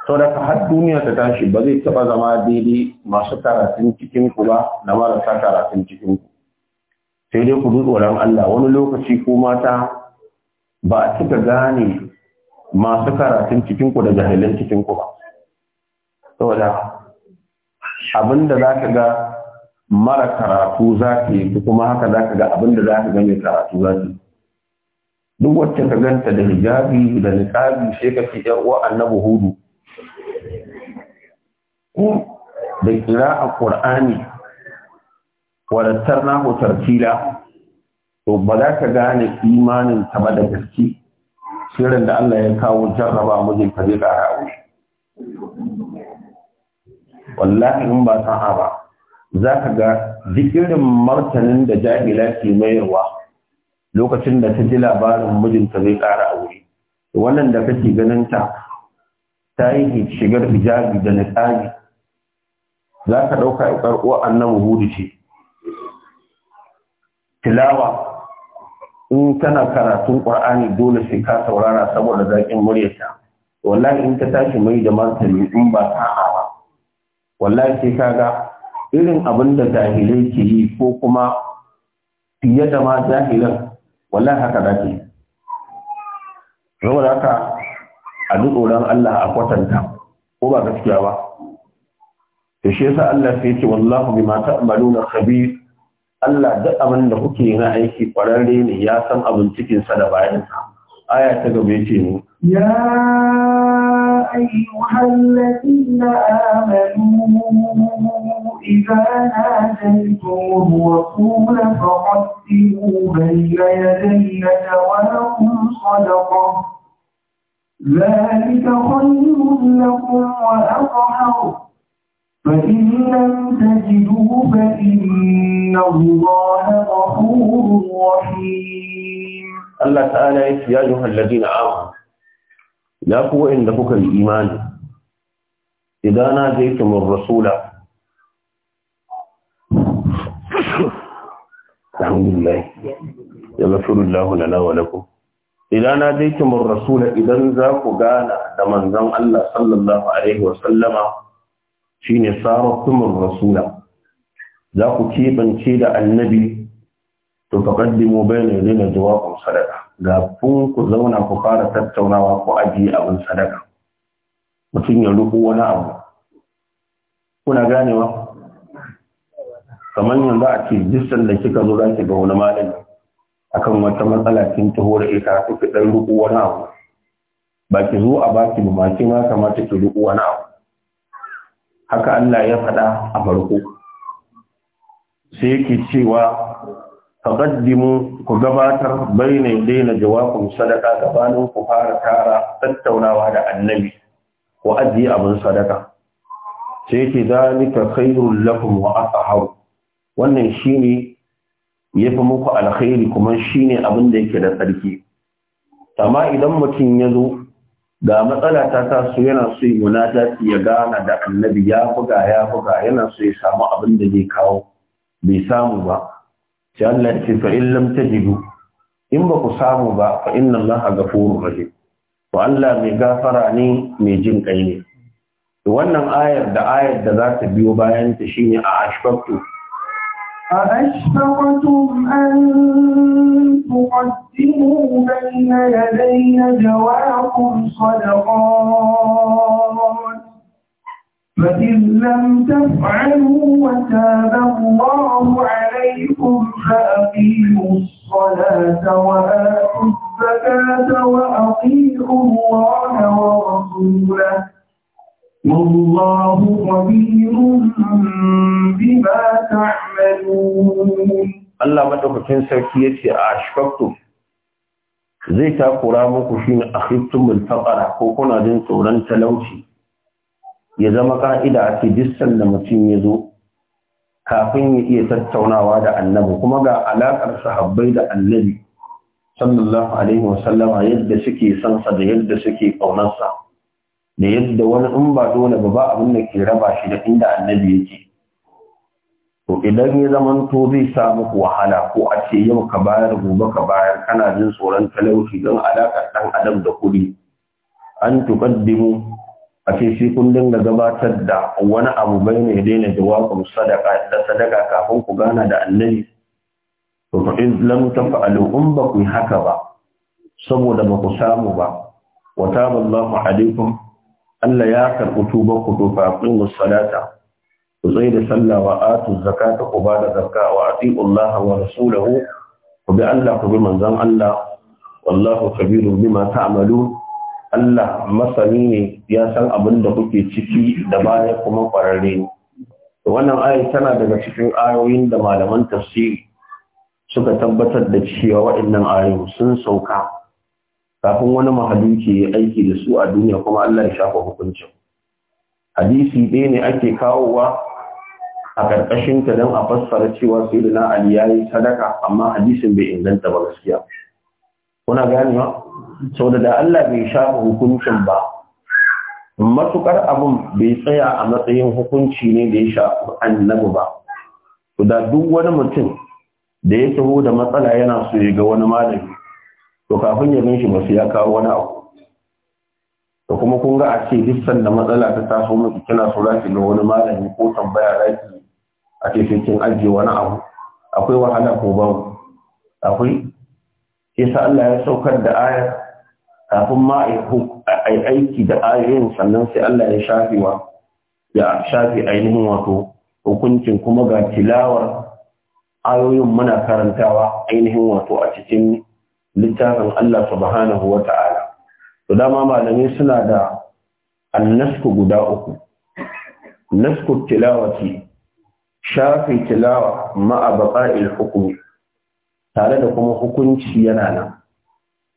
sau da har duniya ta tashi ba zai taba zama daidai masu karatun cikinku ba da marasa karatun cikinku sai dai ku tsoron Allah wani lokaci ko mata ba a cika gane masu karatun cikinku da jahilan cikinku ba saboda da za ka ga mara karatu za ka yi kuma haka za ka ga abin da za ka ga mai karatu za ka yi duk wacce ka ganta da hijabi da nikabi sai ka fi yar uwa annabi hudu da kira a ƙur'ani na hotar tartila to ba za ka gane imanin ta ba da gaske shirin da Allah ya kawo jarraba mijin ka je ƙara wallahi in ba sa'a ba za ka ga duk irin martanin da jahila ke mayarwa lokacin da ta ji labarin mijinta zai ƙara wuri. wannan da kake ganin ta ta yi shigar hijabi da niqabi za ka ɗauka ya ƙarƙo annabi hudu ce tilawa in tana karatun ƙur'ani dole sai ka saurara saboda zaƙin muryarta wallahi in ta tashi mai da martani in ba sa'a wallahi sai kaga irin abin da jahilai ke yi ko kuma fiye da ma jahilan wallahi haka za ke haka a duk tsoron Allah a kwatanta ko ba gaskiya ba to shi yasa Allah sai ce wallahu bima ta'maluna khabir Allah duk abin da kuke yi na aiki kwararre ne ya san abin cikin sa da bayan sa aya ta gaba ce ne ya أيها الذين آمنوا إذا ناجيتم الرسول فقدموا بين يدينا ولكم صدقة ذلك خير لكم وأطهر فإن لم تجدوا فإن الله غفور رحيم الله تعالى يا أيها الذين آمنوا ya ku wa'inda kuka yi imani idan na je tumur rasula alhamdulillah ya gafirullahu lana wa lakum idan na je tumur rasula idan za ku gana da manzon Allah sallallahu alaihi wa sallama shine sarar tumur rasula za ku kebance da annabi to faqaddimu bayna yadayna jawabun sadaka ga kun ku zauna ku fara tattaunawa ku ajiye abin sadaka mutum ya rubu wani abu kuna ganewa kamar yanzu a ce jistan da kika zo za ki ga wani malami akan wata matsala kin taho da ita kuka dan rubu wani abu ba ki zo a baki ba ma ki ma kamata ki rubu wani abu haka Allah ya faɗa a farko sai yake cewa taqaddimu ku gabatar bayna daina jawabun sadaka gabanin ku fara tara tattaunawa da annabi wa ajiye abin sadaka sai ki zalika khairul lakum wa atahharu wannan shine yafi muku alkhairi kuma shine abin da yake da sarki amma idan mutum ya zo ga matsala ta taso yana so yi munajati ya gana da annabi ya buga ya buga yana so ya samu abin da zai kawo bai samu ba sai Allah ya ce fa in lam in ba ku samu ba fa inna Allah furu rahim to Allah mai gafara ne mai jin kai ne wannan ayar da ayar da za ta biyo bayan ta shine a ashfaqtu a ashfaqtum an tuqaddimu bayna yadayna jawakum sadaqat فإن لم تفعلوا وتاب الله عليكم فأقيموا الصلاة وآتوا الزكاة وأطيعوا الله ورسوله والله خبير بما تعملون الله ما تفكر سكيتي أشفقتم zai takura muku shine akhiftum al-faqara ko kuna ya zama ka'ida a ce da mutum ya zo kafin ya iya tattaunawa da annabi kuma ga alaƙar sahabbai da annabi sallallahu alaihi wasallama yadda suke sansa da yadda suke ƙaunarsa da yadda wani in ba dole ba ba abin da ke raba shi da inda annabi yake to idan ya zaman to zai sa muku wahala ko a ce yau ka bayar gobe ka bayar kana jin tsoron talauci don alaƙar ɗan adam da kuɗi an tuƙaddimu a ce sai kun dinga gabatar da wani abu bai ne daina jawabin sadaka da sadaka kafin ku gana da annabi to fa in lam tafa'alu in ba ku haka ba saboda ba ku samu ba wa taballahu alaikum Allah ya karɓi tuba ku to fa aqimus salata ku da sallah wa atu zakata ku ba da zakka wa atiu Allah wa rasulahu ku bi Allah ku bi manzon Allah wallahu kabirun bima ta'malun Allah masani ne ya san abin da kuke ciki da baya kuma kwararre ne wannan ayi tana daga cikin ayoyin da malaman tafsiri suka tabbatar da cewa waɗannan ayoyin sun sauka kafin wani mahaluki ya aiki da su a duniya kuma Allah ya shafa hukuncin hadisi ɗaya ne ake kawowa a ƙarƙashin ta don a fassara cewa sai da na Ali ya yi sadaka amma hadisin bai inganta ba gaskiya kuna ganewa saboda da Allah bai shafa hukuncin ba matukar abun bai tsaya a matsayin hukunci ne da ya shafi annabi ba to da duk wani mutum da ya taho da matsala yana so ya ga wani malami to kafin ya gan shi ba su ya kawo wani abu to kuma kun ga a ce duk da matsala ta taso miki kina so zaki ga wani malami ko tambaya zaki a ce sai kin ajiye wani abu akwai wahala ko ba akwai yasa Allah ya saukar da ayar kafin ma a yi aiki da ayoyin sannan sai Allah ya shafi wa ya shafi ainihin wato hukuncin kuma ga tilawar ayoyin muna karantawa ainihin wato a cikin littafin Allah subhanahu wa ta'ala. To dama malamai suna da annasku guda uku, nasku tilawati, shafi tilawa ma'a baqa'il hukumi, tare da kuma hukunci yana nan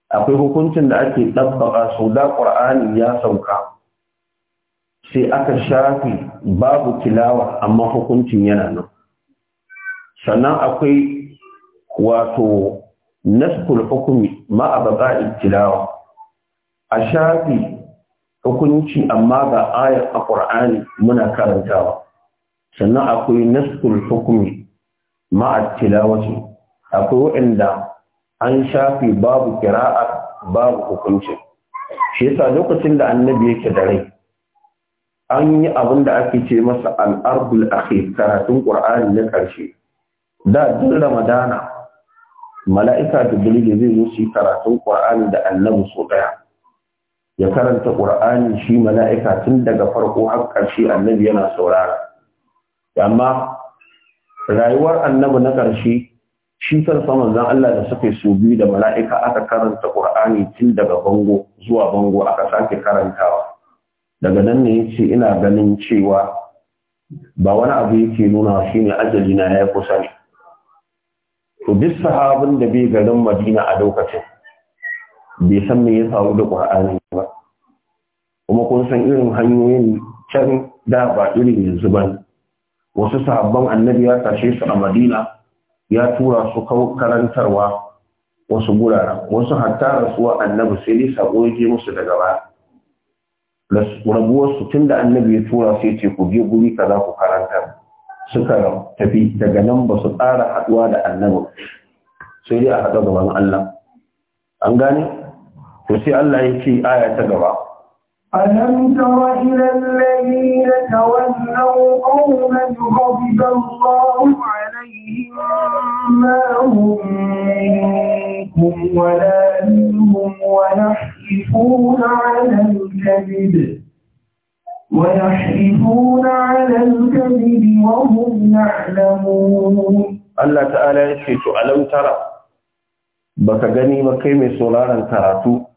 akwai hukuncin da ake ɗabbaƙa su da ƙur'ani ya sauka sai aka shafi babu tilawa amma hukuncin yana nan sannan akwai wato naskul hukumi ma ma'abaƙa tilawa a shafi hukunci amma ga ayar a ƙur'ani muna karantawa sannan akwai naskul hukumi a tilawa akwai waɗanda an shafi babu kira'a babu hukunci shi yasa lokacin da annabi yake da rai an yi abin da ake ce masa al'arbul ake karatun ƙwar'ani na ƙarshe. da tun ramadana mala'ika da jibril zai zo shi karatun ƙwar'ani da annabi so ɗaya ya karanta ƙwar'ani shi mala'ika tun daga farko har ƙarshe annabi yana saurara amma rayuwar annabi na ƙarshe. shi saman zan Allah da suka yi su biyu da mala'ika aka karanta Qur'ani tun daga bango zuwa bango aka sake karantawa daga nan ne yace ina ganin cewa ba wani abu yake nuna shine ajali na ya kusa ne to duk sahabin da bai garin Madina a lokacin bai san me ya faru da Qur'ani ba kuma kun san irin hanyoyin can da ba irin yanzu ba wasu sahabban annabi ya tashe su a Madina ya tura su karantarwa wasu guraren wasu hatta rasuwa annabi sai dai sako ya je musu daga baya su tun da annabi ya tura sai ce ku je guri kaza ku karanta suka tafi daga nan ba su tsara haduwa da annabi sai dai a haɗa gaban Allah an gane to sai Allah ya ce aya ta gaba ألم تر إلى الذين تولوا قوما غضب الله عليهم ما هم منكم ولا منهم ويحلفون على الكذب ويحلفون على الكذب وهم يعلمون الله تعالى يشهد ألم ترى baka gani ba kai mai sauraron karatu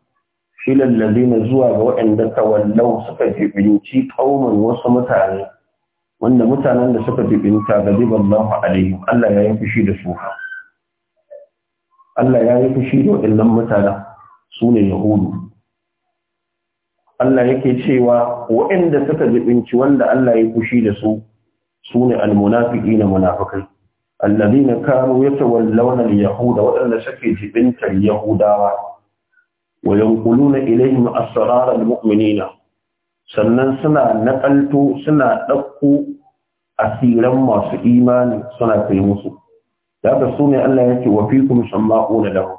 filallazi zuwa ga waɗanda tawallau suka jibinci ƙaumin wasu mutane wanda mutanen da suka bibinta gadiballahu alaihim Allah ya yi fushi da su Allah ya yi fushi da waɗannan mutanen su ne yahudu Allah yake cewa waɗanda suka bibinci wanda Allah ya yi fushi da su su ne almunafiki na munafikai allazina kanu yatawallawna alyahuda waɗanda suke jibintar yahudawa wa yanquluna ilaihim asrar almu'minina sannan suna naƙalto suna ɗauko asiran masu imani suna kai musu da haka su ne Allah ya ce wa fikum da dawo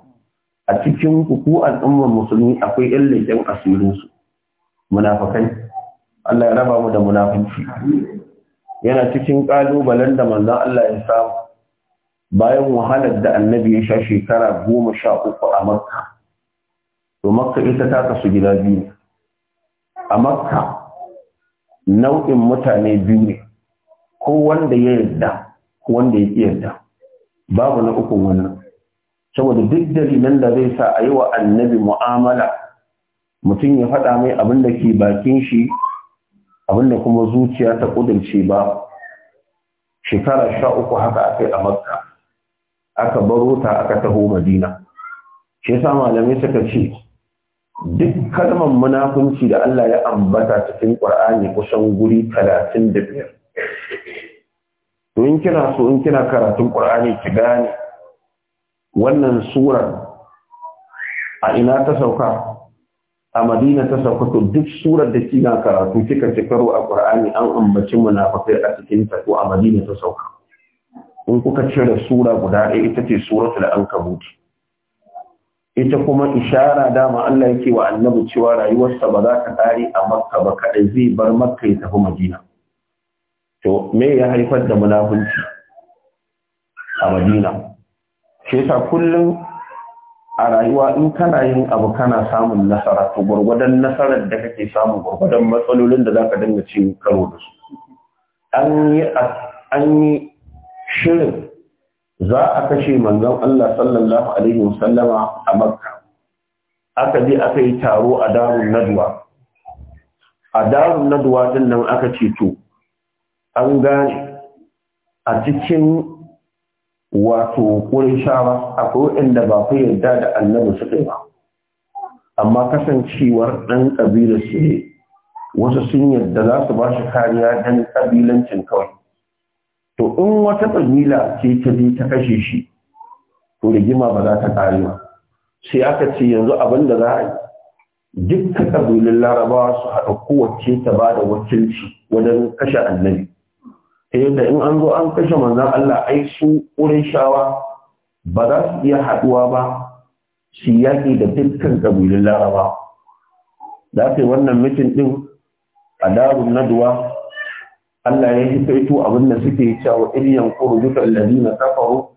a cikin ku al'ummar musulmi akwai yan leƙen asirinsu. Munafakai, Allah ya raba mu da munafunci. yana cikin ƙalubalen da manzon Allah ya samu bayan wahalar da annabi ya sha shekara goma sha uku a makka to makka ita ta kasu gida biyu a makka nau'in mutane biyu ne ko wanda ya yarda ko wanda ya ƙi yarda babu na uku wannan saboda duk dalilan da zai sa a yi wa annabi mu'amala mutum ya faɗa mai abin da ke bakin shi abin da kuma zuciya ta ƙudurce ba shekara sha uku haka aka yi a makka aka baro ta aka taho madina shi yasa malamai suka ce duk kalmar munafunci da Allah ya ambata cikin Qur'ani kusan guri 35 to in kina so in kina karatun Qur'ani ki gane wannan surar a ina ta sauka a Madina ta sauka to duk surar da kina karatu kika ci karo a Qur'ani an ambaci munafakai a cikin ta ko a Madina ta sauka in kuka cire sura guda ɗaya ita ce suratul ankabut ita kuma ishara dama Allah yake wa annabi cewa rayuwarsa ba za ta kare a makka ba kaɗai zai bar makka ya tafi madina to me ya haifar da munafunci a madina shi yasa kullum a rayuwa in kana yin abu kana samun nasara to gwargwadon nasarar da kake samu gwargwadon matsalolin da za ka dinga cin karo da su an yi shirin za a kashe manzon Allah sallallahu alaihi wasallama a Makka aka je aka yi taro a darun nadwa a darun nadwa din nan aka ce to an gane a cikin wato shawa, akwai waɗanda ba ku yarda da annabi su ba amma kasancewar ɗan kabilar shi wasu sun yarda za su ba shi kariya dan kabilancin kawai to in wata kabila ce ta bi ta kashe shi to rigima ba za ta ƙare ba sai aka ce yanzu abin da za a yi dukkan ƙabilun larabawa su haɗa kowace ta ba da wakilci wajen kashe annabi Eh da in an zo an kashe manzan Allah ai su ƙurin shawa ba za su iya haɗuwa ba su yaƙi da dukkan ƙabilun laraba da aka wannan mitin ɗin a naduwa Allah ya ito abin da suke cewa iriyan kuru duka alladina kafaru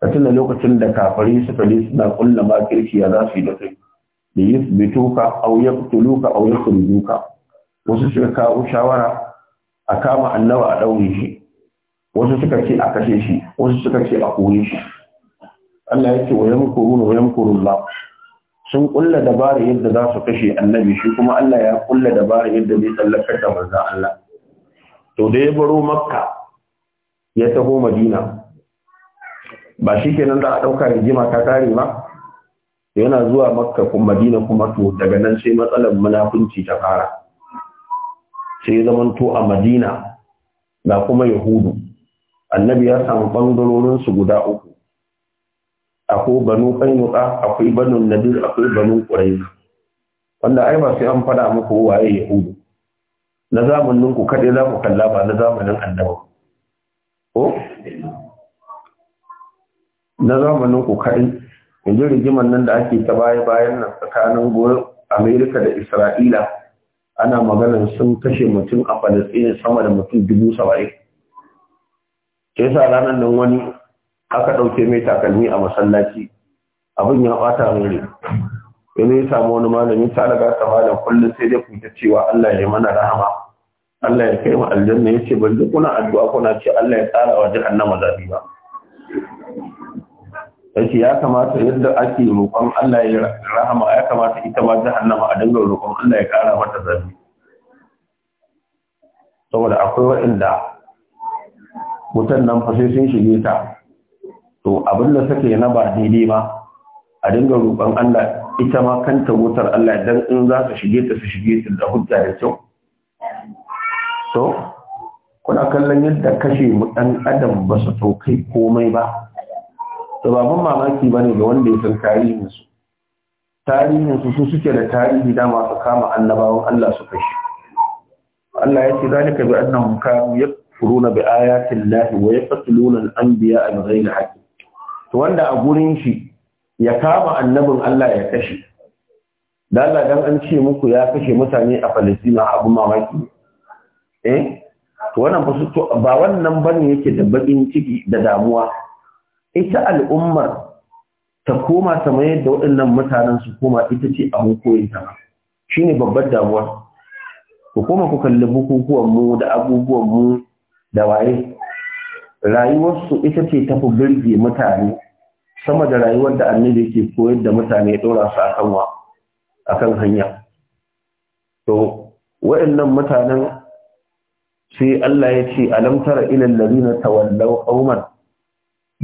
ka tuna lokacin da kafari suka je suna kulla makirci ya za su yi da kai da yusbituka aw yaqtuluka aw yukhrijuka wasu suka kawo shawara a kama annaba a ɗaure shi wasu suka ce a kashe shi wasu suka ce a kore shi Allah ya ce wa yamkuruna wa yamkurullah sun kulla dabara yadda za su kashe annabi shi kuma Allah ya kulla dabara yadda zai tsallakar da manzon Allah to da ya baro makka ya taho madina ba shi kenan za a ɗauka rigima ta kare ba yana zuwa makka kuma madina kuma to daga nan sai matsalar munafunci ta fara sai zaman to a madina da kuma yahudu annabi ya samu ɓangarorinsu guda uku akwai banu ƙainuka akwai banu nadir akwai banu ƙuraiza wanda ai ba sai an faɗa muku waye yahudu na zamanin ku kaɗai za ku kalla ba na zamanin annabi ko na zamanin ku kaɗai yanzu rigimar nan da ake ta baya bayan nan tsakanin goyon amerika da isra'ila ana maganar sun kashe mutum a falasini sama da mutum dubu saba'in ke sa ranar nan wani aka ɗauke mai takalmi a masallaci abin ya ɓata mai yanzu ya samu wani malami ta daga ta malam kullum sai dai kuta cewa allah ya mana rahama Allah ya kai mu aljanna yace ban duk kuna addu'a kuna ce Allah ya tsara wa jahannama zabi ba sai ya kamata yadda ake roƙon Allah ya rahama ya kamata ita ma jahannama a dinga roƙon Allah ya kara mata zabi saboda akwai waɗanda mutan nan fa sai sun shige ta to abin da suke na ba daidai ba a dinga roƙon Allah ita ma kanta wutar Allah dan in za su shige ta su shige ta da hujja da kyau so kuna kallon yadda kashe mu ɗan adam ba su kai komai ba to mun mamaki ba ga wanda ya san su tarihinsu su su suke da tarihi da masu kama annabawan Allah su kashe Allah ya ce zalika bi annahum kanu yakfuruna bi ayati Allah wa yaqtuluna al-anbiya al ghairi haqq to wanda a gurin shi ya kama annabin Allah ya kashe dan Allah dan an ce muku ya kashe mutane a Palestina abu mamaki eh to wannan ba su ba wannan bane yake da bakin ciki da damuwa ita al'ummar ta koma ta mai da waɗannan mutanen su koma ita ce a koyin ta shine babbar damuwa ku koma ku kalli bukukuwan mu da abubuwan da waye rayuwarsu ita ce tafi birge mutane sama da rayuwar da annabi ke koyar da mutane ɗora su akan wa akan hanya to waɗannan mutanen sai Allah ya ce alam tara ila alladhina tawallaw qauman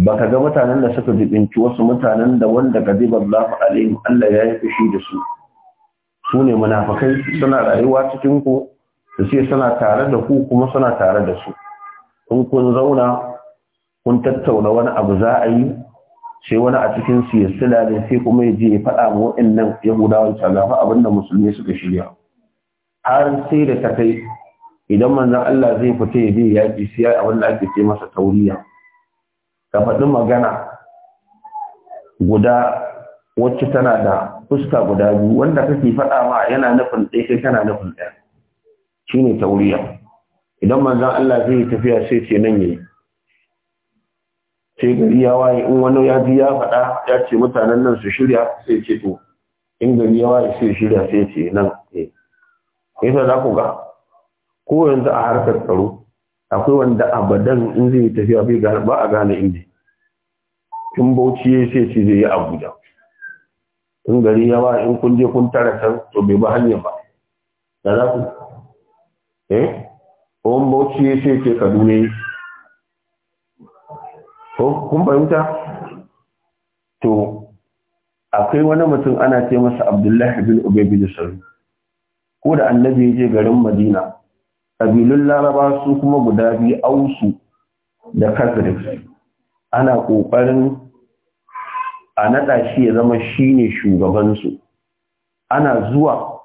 baka ga mutanen da suka jibinci wasu mutanen da wanda gadiba Allah alaihim Allah ya yi fushi da su su ne munafikai suna rayuwa cikin ku sai suna tare da ku kuma suna tare da su in kun zauna kun tattauna wani abu za a yi sai wani a cikin su ya sila ne sai kuma ya je ya faɗa mu wa'annan yahudawan cewa abin da musulmi suka shirya har sai da ta kai idan manzan Allah zai fita ya je yaƙi sai ya abin da ake ce masa tauriya ka faɗi magana guda wacce tana da fuska guda biyu wanda kake faɗa ma yana nufin ɗaya kai kana nufin ɗaya Shi ne tauriya idan manzan Allah zai tafiya sai ce nan yayi sai gari ya waye in wani ya ji ya faɗa ya ce mutanen nan su shirya sai ce to in gari ya waye sai shirya sai ce nan eh yasa za ku ga ko yanzu a harkar tsaro akwai wanda abadan in zai tafiya bai ga ba a gane inda in bauchi ya ce ce zai yi abuja in gari ya ba in kun je kun tara can to bai ba hanyar ba da za ku eh ko in bauchi ya ce ce kaduna yi ko kun fahimta to akwai wani mutum ana ce masa abdullahi bin da sarri ko da annabi ya je garin madina ƙabilun laraba su kuma guda biyu ausu da kaziris ana ƙoƙarin a naɗa shi ya zama shi ne shugabansu ana zuwa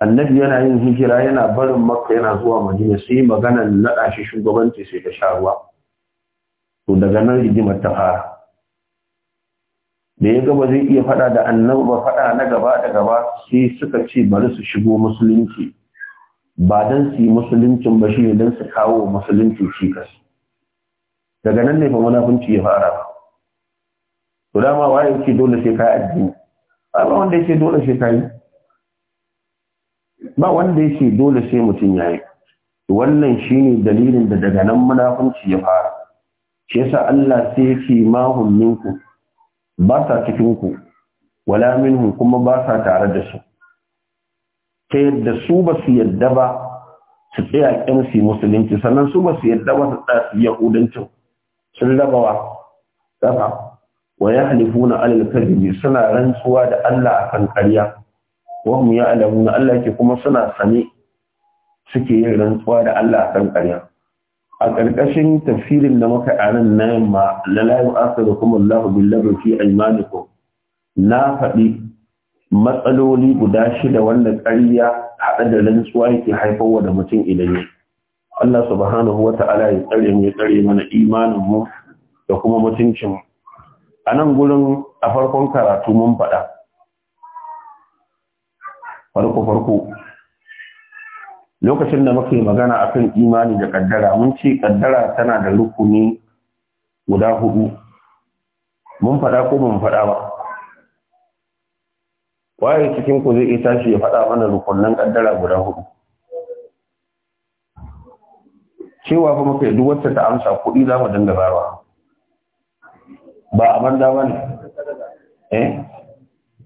annabi yana yin hijira yana barin makka yana zuwa madina sai magana naɗa shi shugabanci sai ta sha ruwa to daga nan rigimar ta fara da ya gaba zai iya faɗa da annabi ba faɗa na gaba da gaba sai suka ce bari su shigo musulunci ba don su yi musuluncin ba shi ne don su kawo shi kasu daga nan ne fa munafunci ya fara to dama waye yake dole sai ka addini ba wanda yake dole sai ka yi ba wanda yake dole sai mutum ya yi wannan shi ne dalilin da daga nan munafunci ya fara shi yasa Allah sai yake mahum minku ba sa cikin ku wala minhu kuma ba sa tare da su ta yadda su ba su yadda ba su tsaya ƙyansu musulunci sannan su ba su yadda ba su tsaya su yahudancin sun rabawa tsara wa ya halifu na alalkazibi suna rantsuwa da Allah a kan karya wahum ya alamu na Allah ke kuma suna sane suke yin rantsuwa da Allah a kan karya a ƙarƙashin tafsirin da muka anan na yamma la la yu'akhirukum Allahu bil-lagwi fi aymanikum na faɗi matsaloli guda shida wanda ƙarya haɗa da rantsuwa yake haifarwa da mutum idan yi. Allah subhanahu wa ta'ala ya tsare mu ya tsare mana imanin mu da kuma mutuncin mu. A nan gurin a farkon karatu mun faɗa. Farko farko. Lokacin da muka yi magana kan imani da ƙaddara, mun ce ƙaddara tana da rukuni guda hudu. Mun faɗa ko mun faɗa ba. waye cikin ku zai ita shi ya faɗa mana rukunnan kaddara guda hudu cewa fa muka duk wacce ta amsa kuɗi za mu dinga bawa ba a banza ba ne eh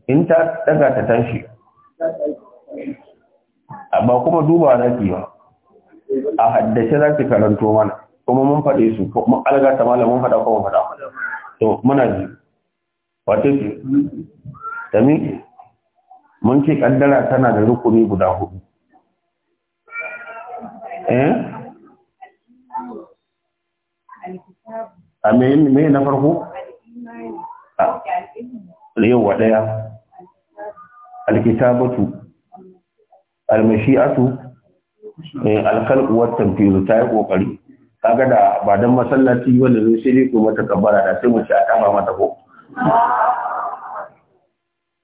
in ta daga ta tashi ba kuma duba na ke ba a haddace za ki karanto mana kuma mun faɗe su mun alga ta malam mun faɗa ko mun faɗa to muna ji wato ki tami mun ce kaddara tana da rukuni guda hudu eh a me na farko ah, yawa ɗaya. alkitabatu almashi'atu eh, Alkalku wat ta yi kokari kaga da ba don masallaci wanda zai sai ko mata kabara da sai mu a kama mata ko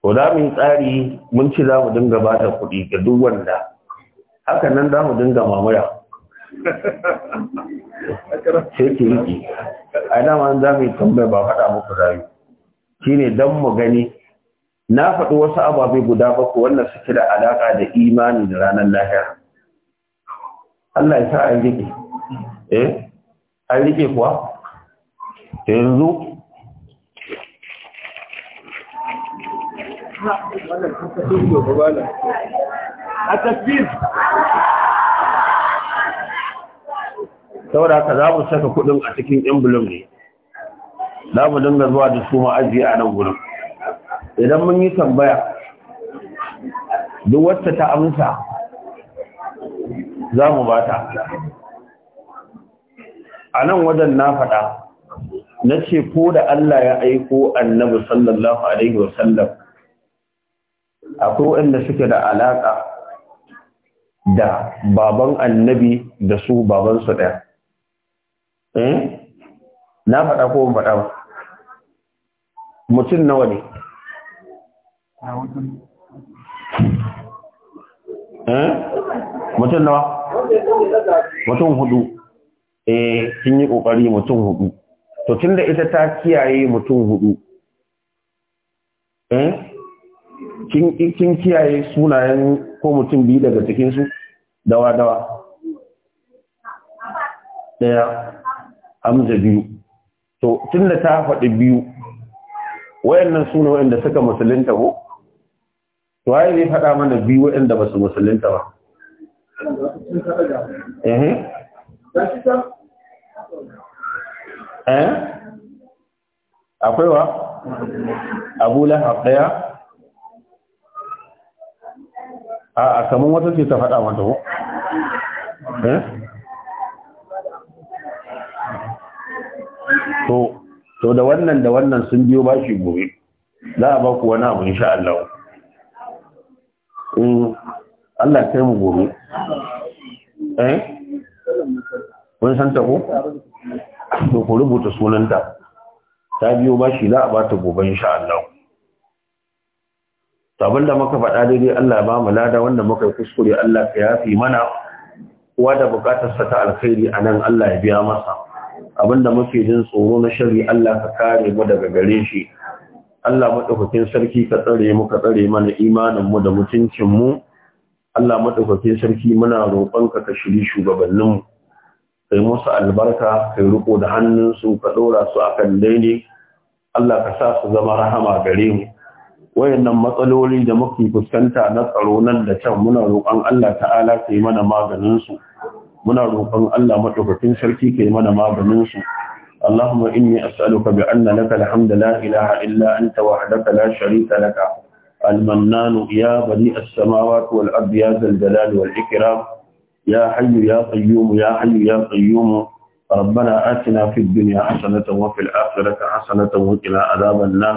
to tsari mun ci za mu dinga ba da kuɗi ga duk wanda haka nan za mu dinga mamaya sai a dama za mu yi tambaya ba faɗa muku rayu ne don mu gani na faɗi wasu ababe guda bakwai wanda suke da alaƙa da imani da ranar lahira Allah ya sa an riƙe eh an riƙe kuwa yanzu a tafiyar saboda ka za mu saka kudin a cikin emblem ne za mu dinga zuwa da su ma'aji a nan gudun. idan mun yi tambaya duk wacce ta amsa za mu ba ta a nan wajen na faɗa na ce ko da Allah ya aiko annabi sallallahu alaihi wasallam akwai waɗanda suke da alaƙa da baban annabi da su baban su ɗaya. Eh? Na faɗa ko faɗa ba. Mutum nawa ne? Eh? Mutum nawa? Mutum hudu. Eh, kin yi ƙoƙari mutum hudu. To, tun da ita ta kiyaye mutum hudu. Eh? kin kiyaye sunayen ko mutum biyu daga cikinsu dawa-dawa ɗaya amza biyu to tun da ta faɗi biyu wayannan suna ne wayanda suka musulunta ko to waye zai faɗa mana biyu wayanda ba su musulunta ba eh eh akwai wa abu lahab a kaman wata ce ta faɗa mata ko eh? to to da wannan da wannan sun biyo bashi gobe za a ba ku wani abu insha Allah in Allah kai mu gobe eh kun san ta ko to ku rubuta sunanta ta biyo bashi za a ba ta gobe insha Allah to da muka faɗa daidai Allah ba mu lada wanda muka kuskure Allah ka yafi mana kowa da bukatar ta alkhairi anan Allah ya biya masa abinda muke jin tsoro na shari Allah ka kare mu daga gare shi Allah maɗaukakin sarki ka tsare mu ka tsare mana imanin mu da mutuncin mu Allah maɗaukakin sarki muna roƙon ka ka shiri kai musu albarka kai riko da hannunsu ka ɗora su akan daidai Allah ka sa su zama rahama gare mu wayannan matsaloli da muke fuskanta na tsaro nan da can muna roƙon Allah ta'ala ka yi mana maganin su muna roƙon Allah madaukakin sarki ka yi mana maganin su Allahumma inni as'aluka bi anna laka alhamdu la ilaha illa anta wahdaka la sharika laka al ya bani as-samawati wal ardi ya zal jalali wal ikram ya hayyu ya qayyum ya hayyu ya qayyum ربنا آتنا في الدنيا حسنة وفي الآخرة حسنة وقنا عذاب النار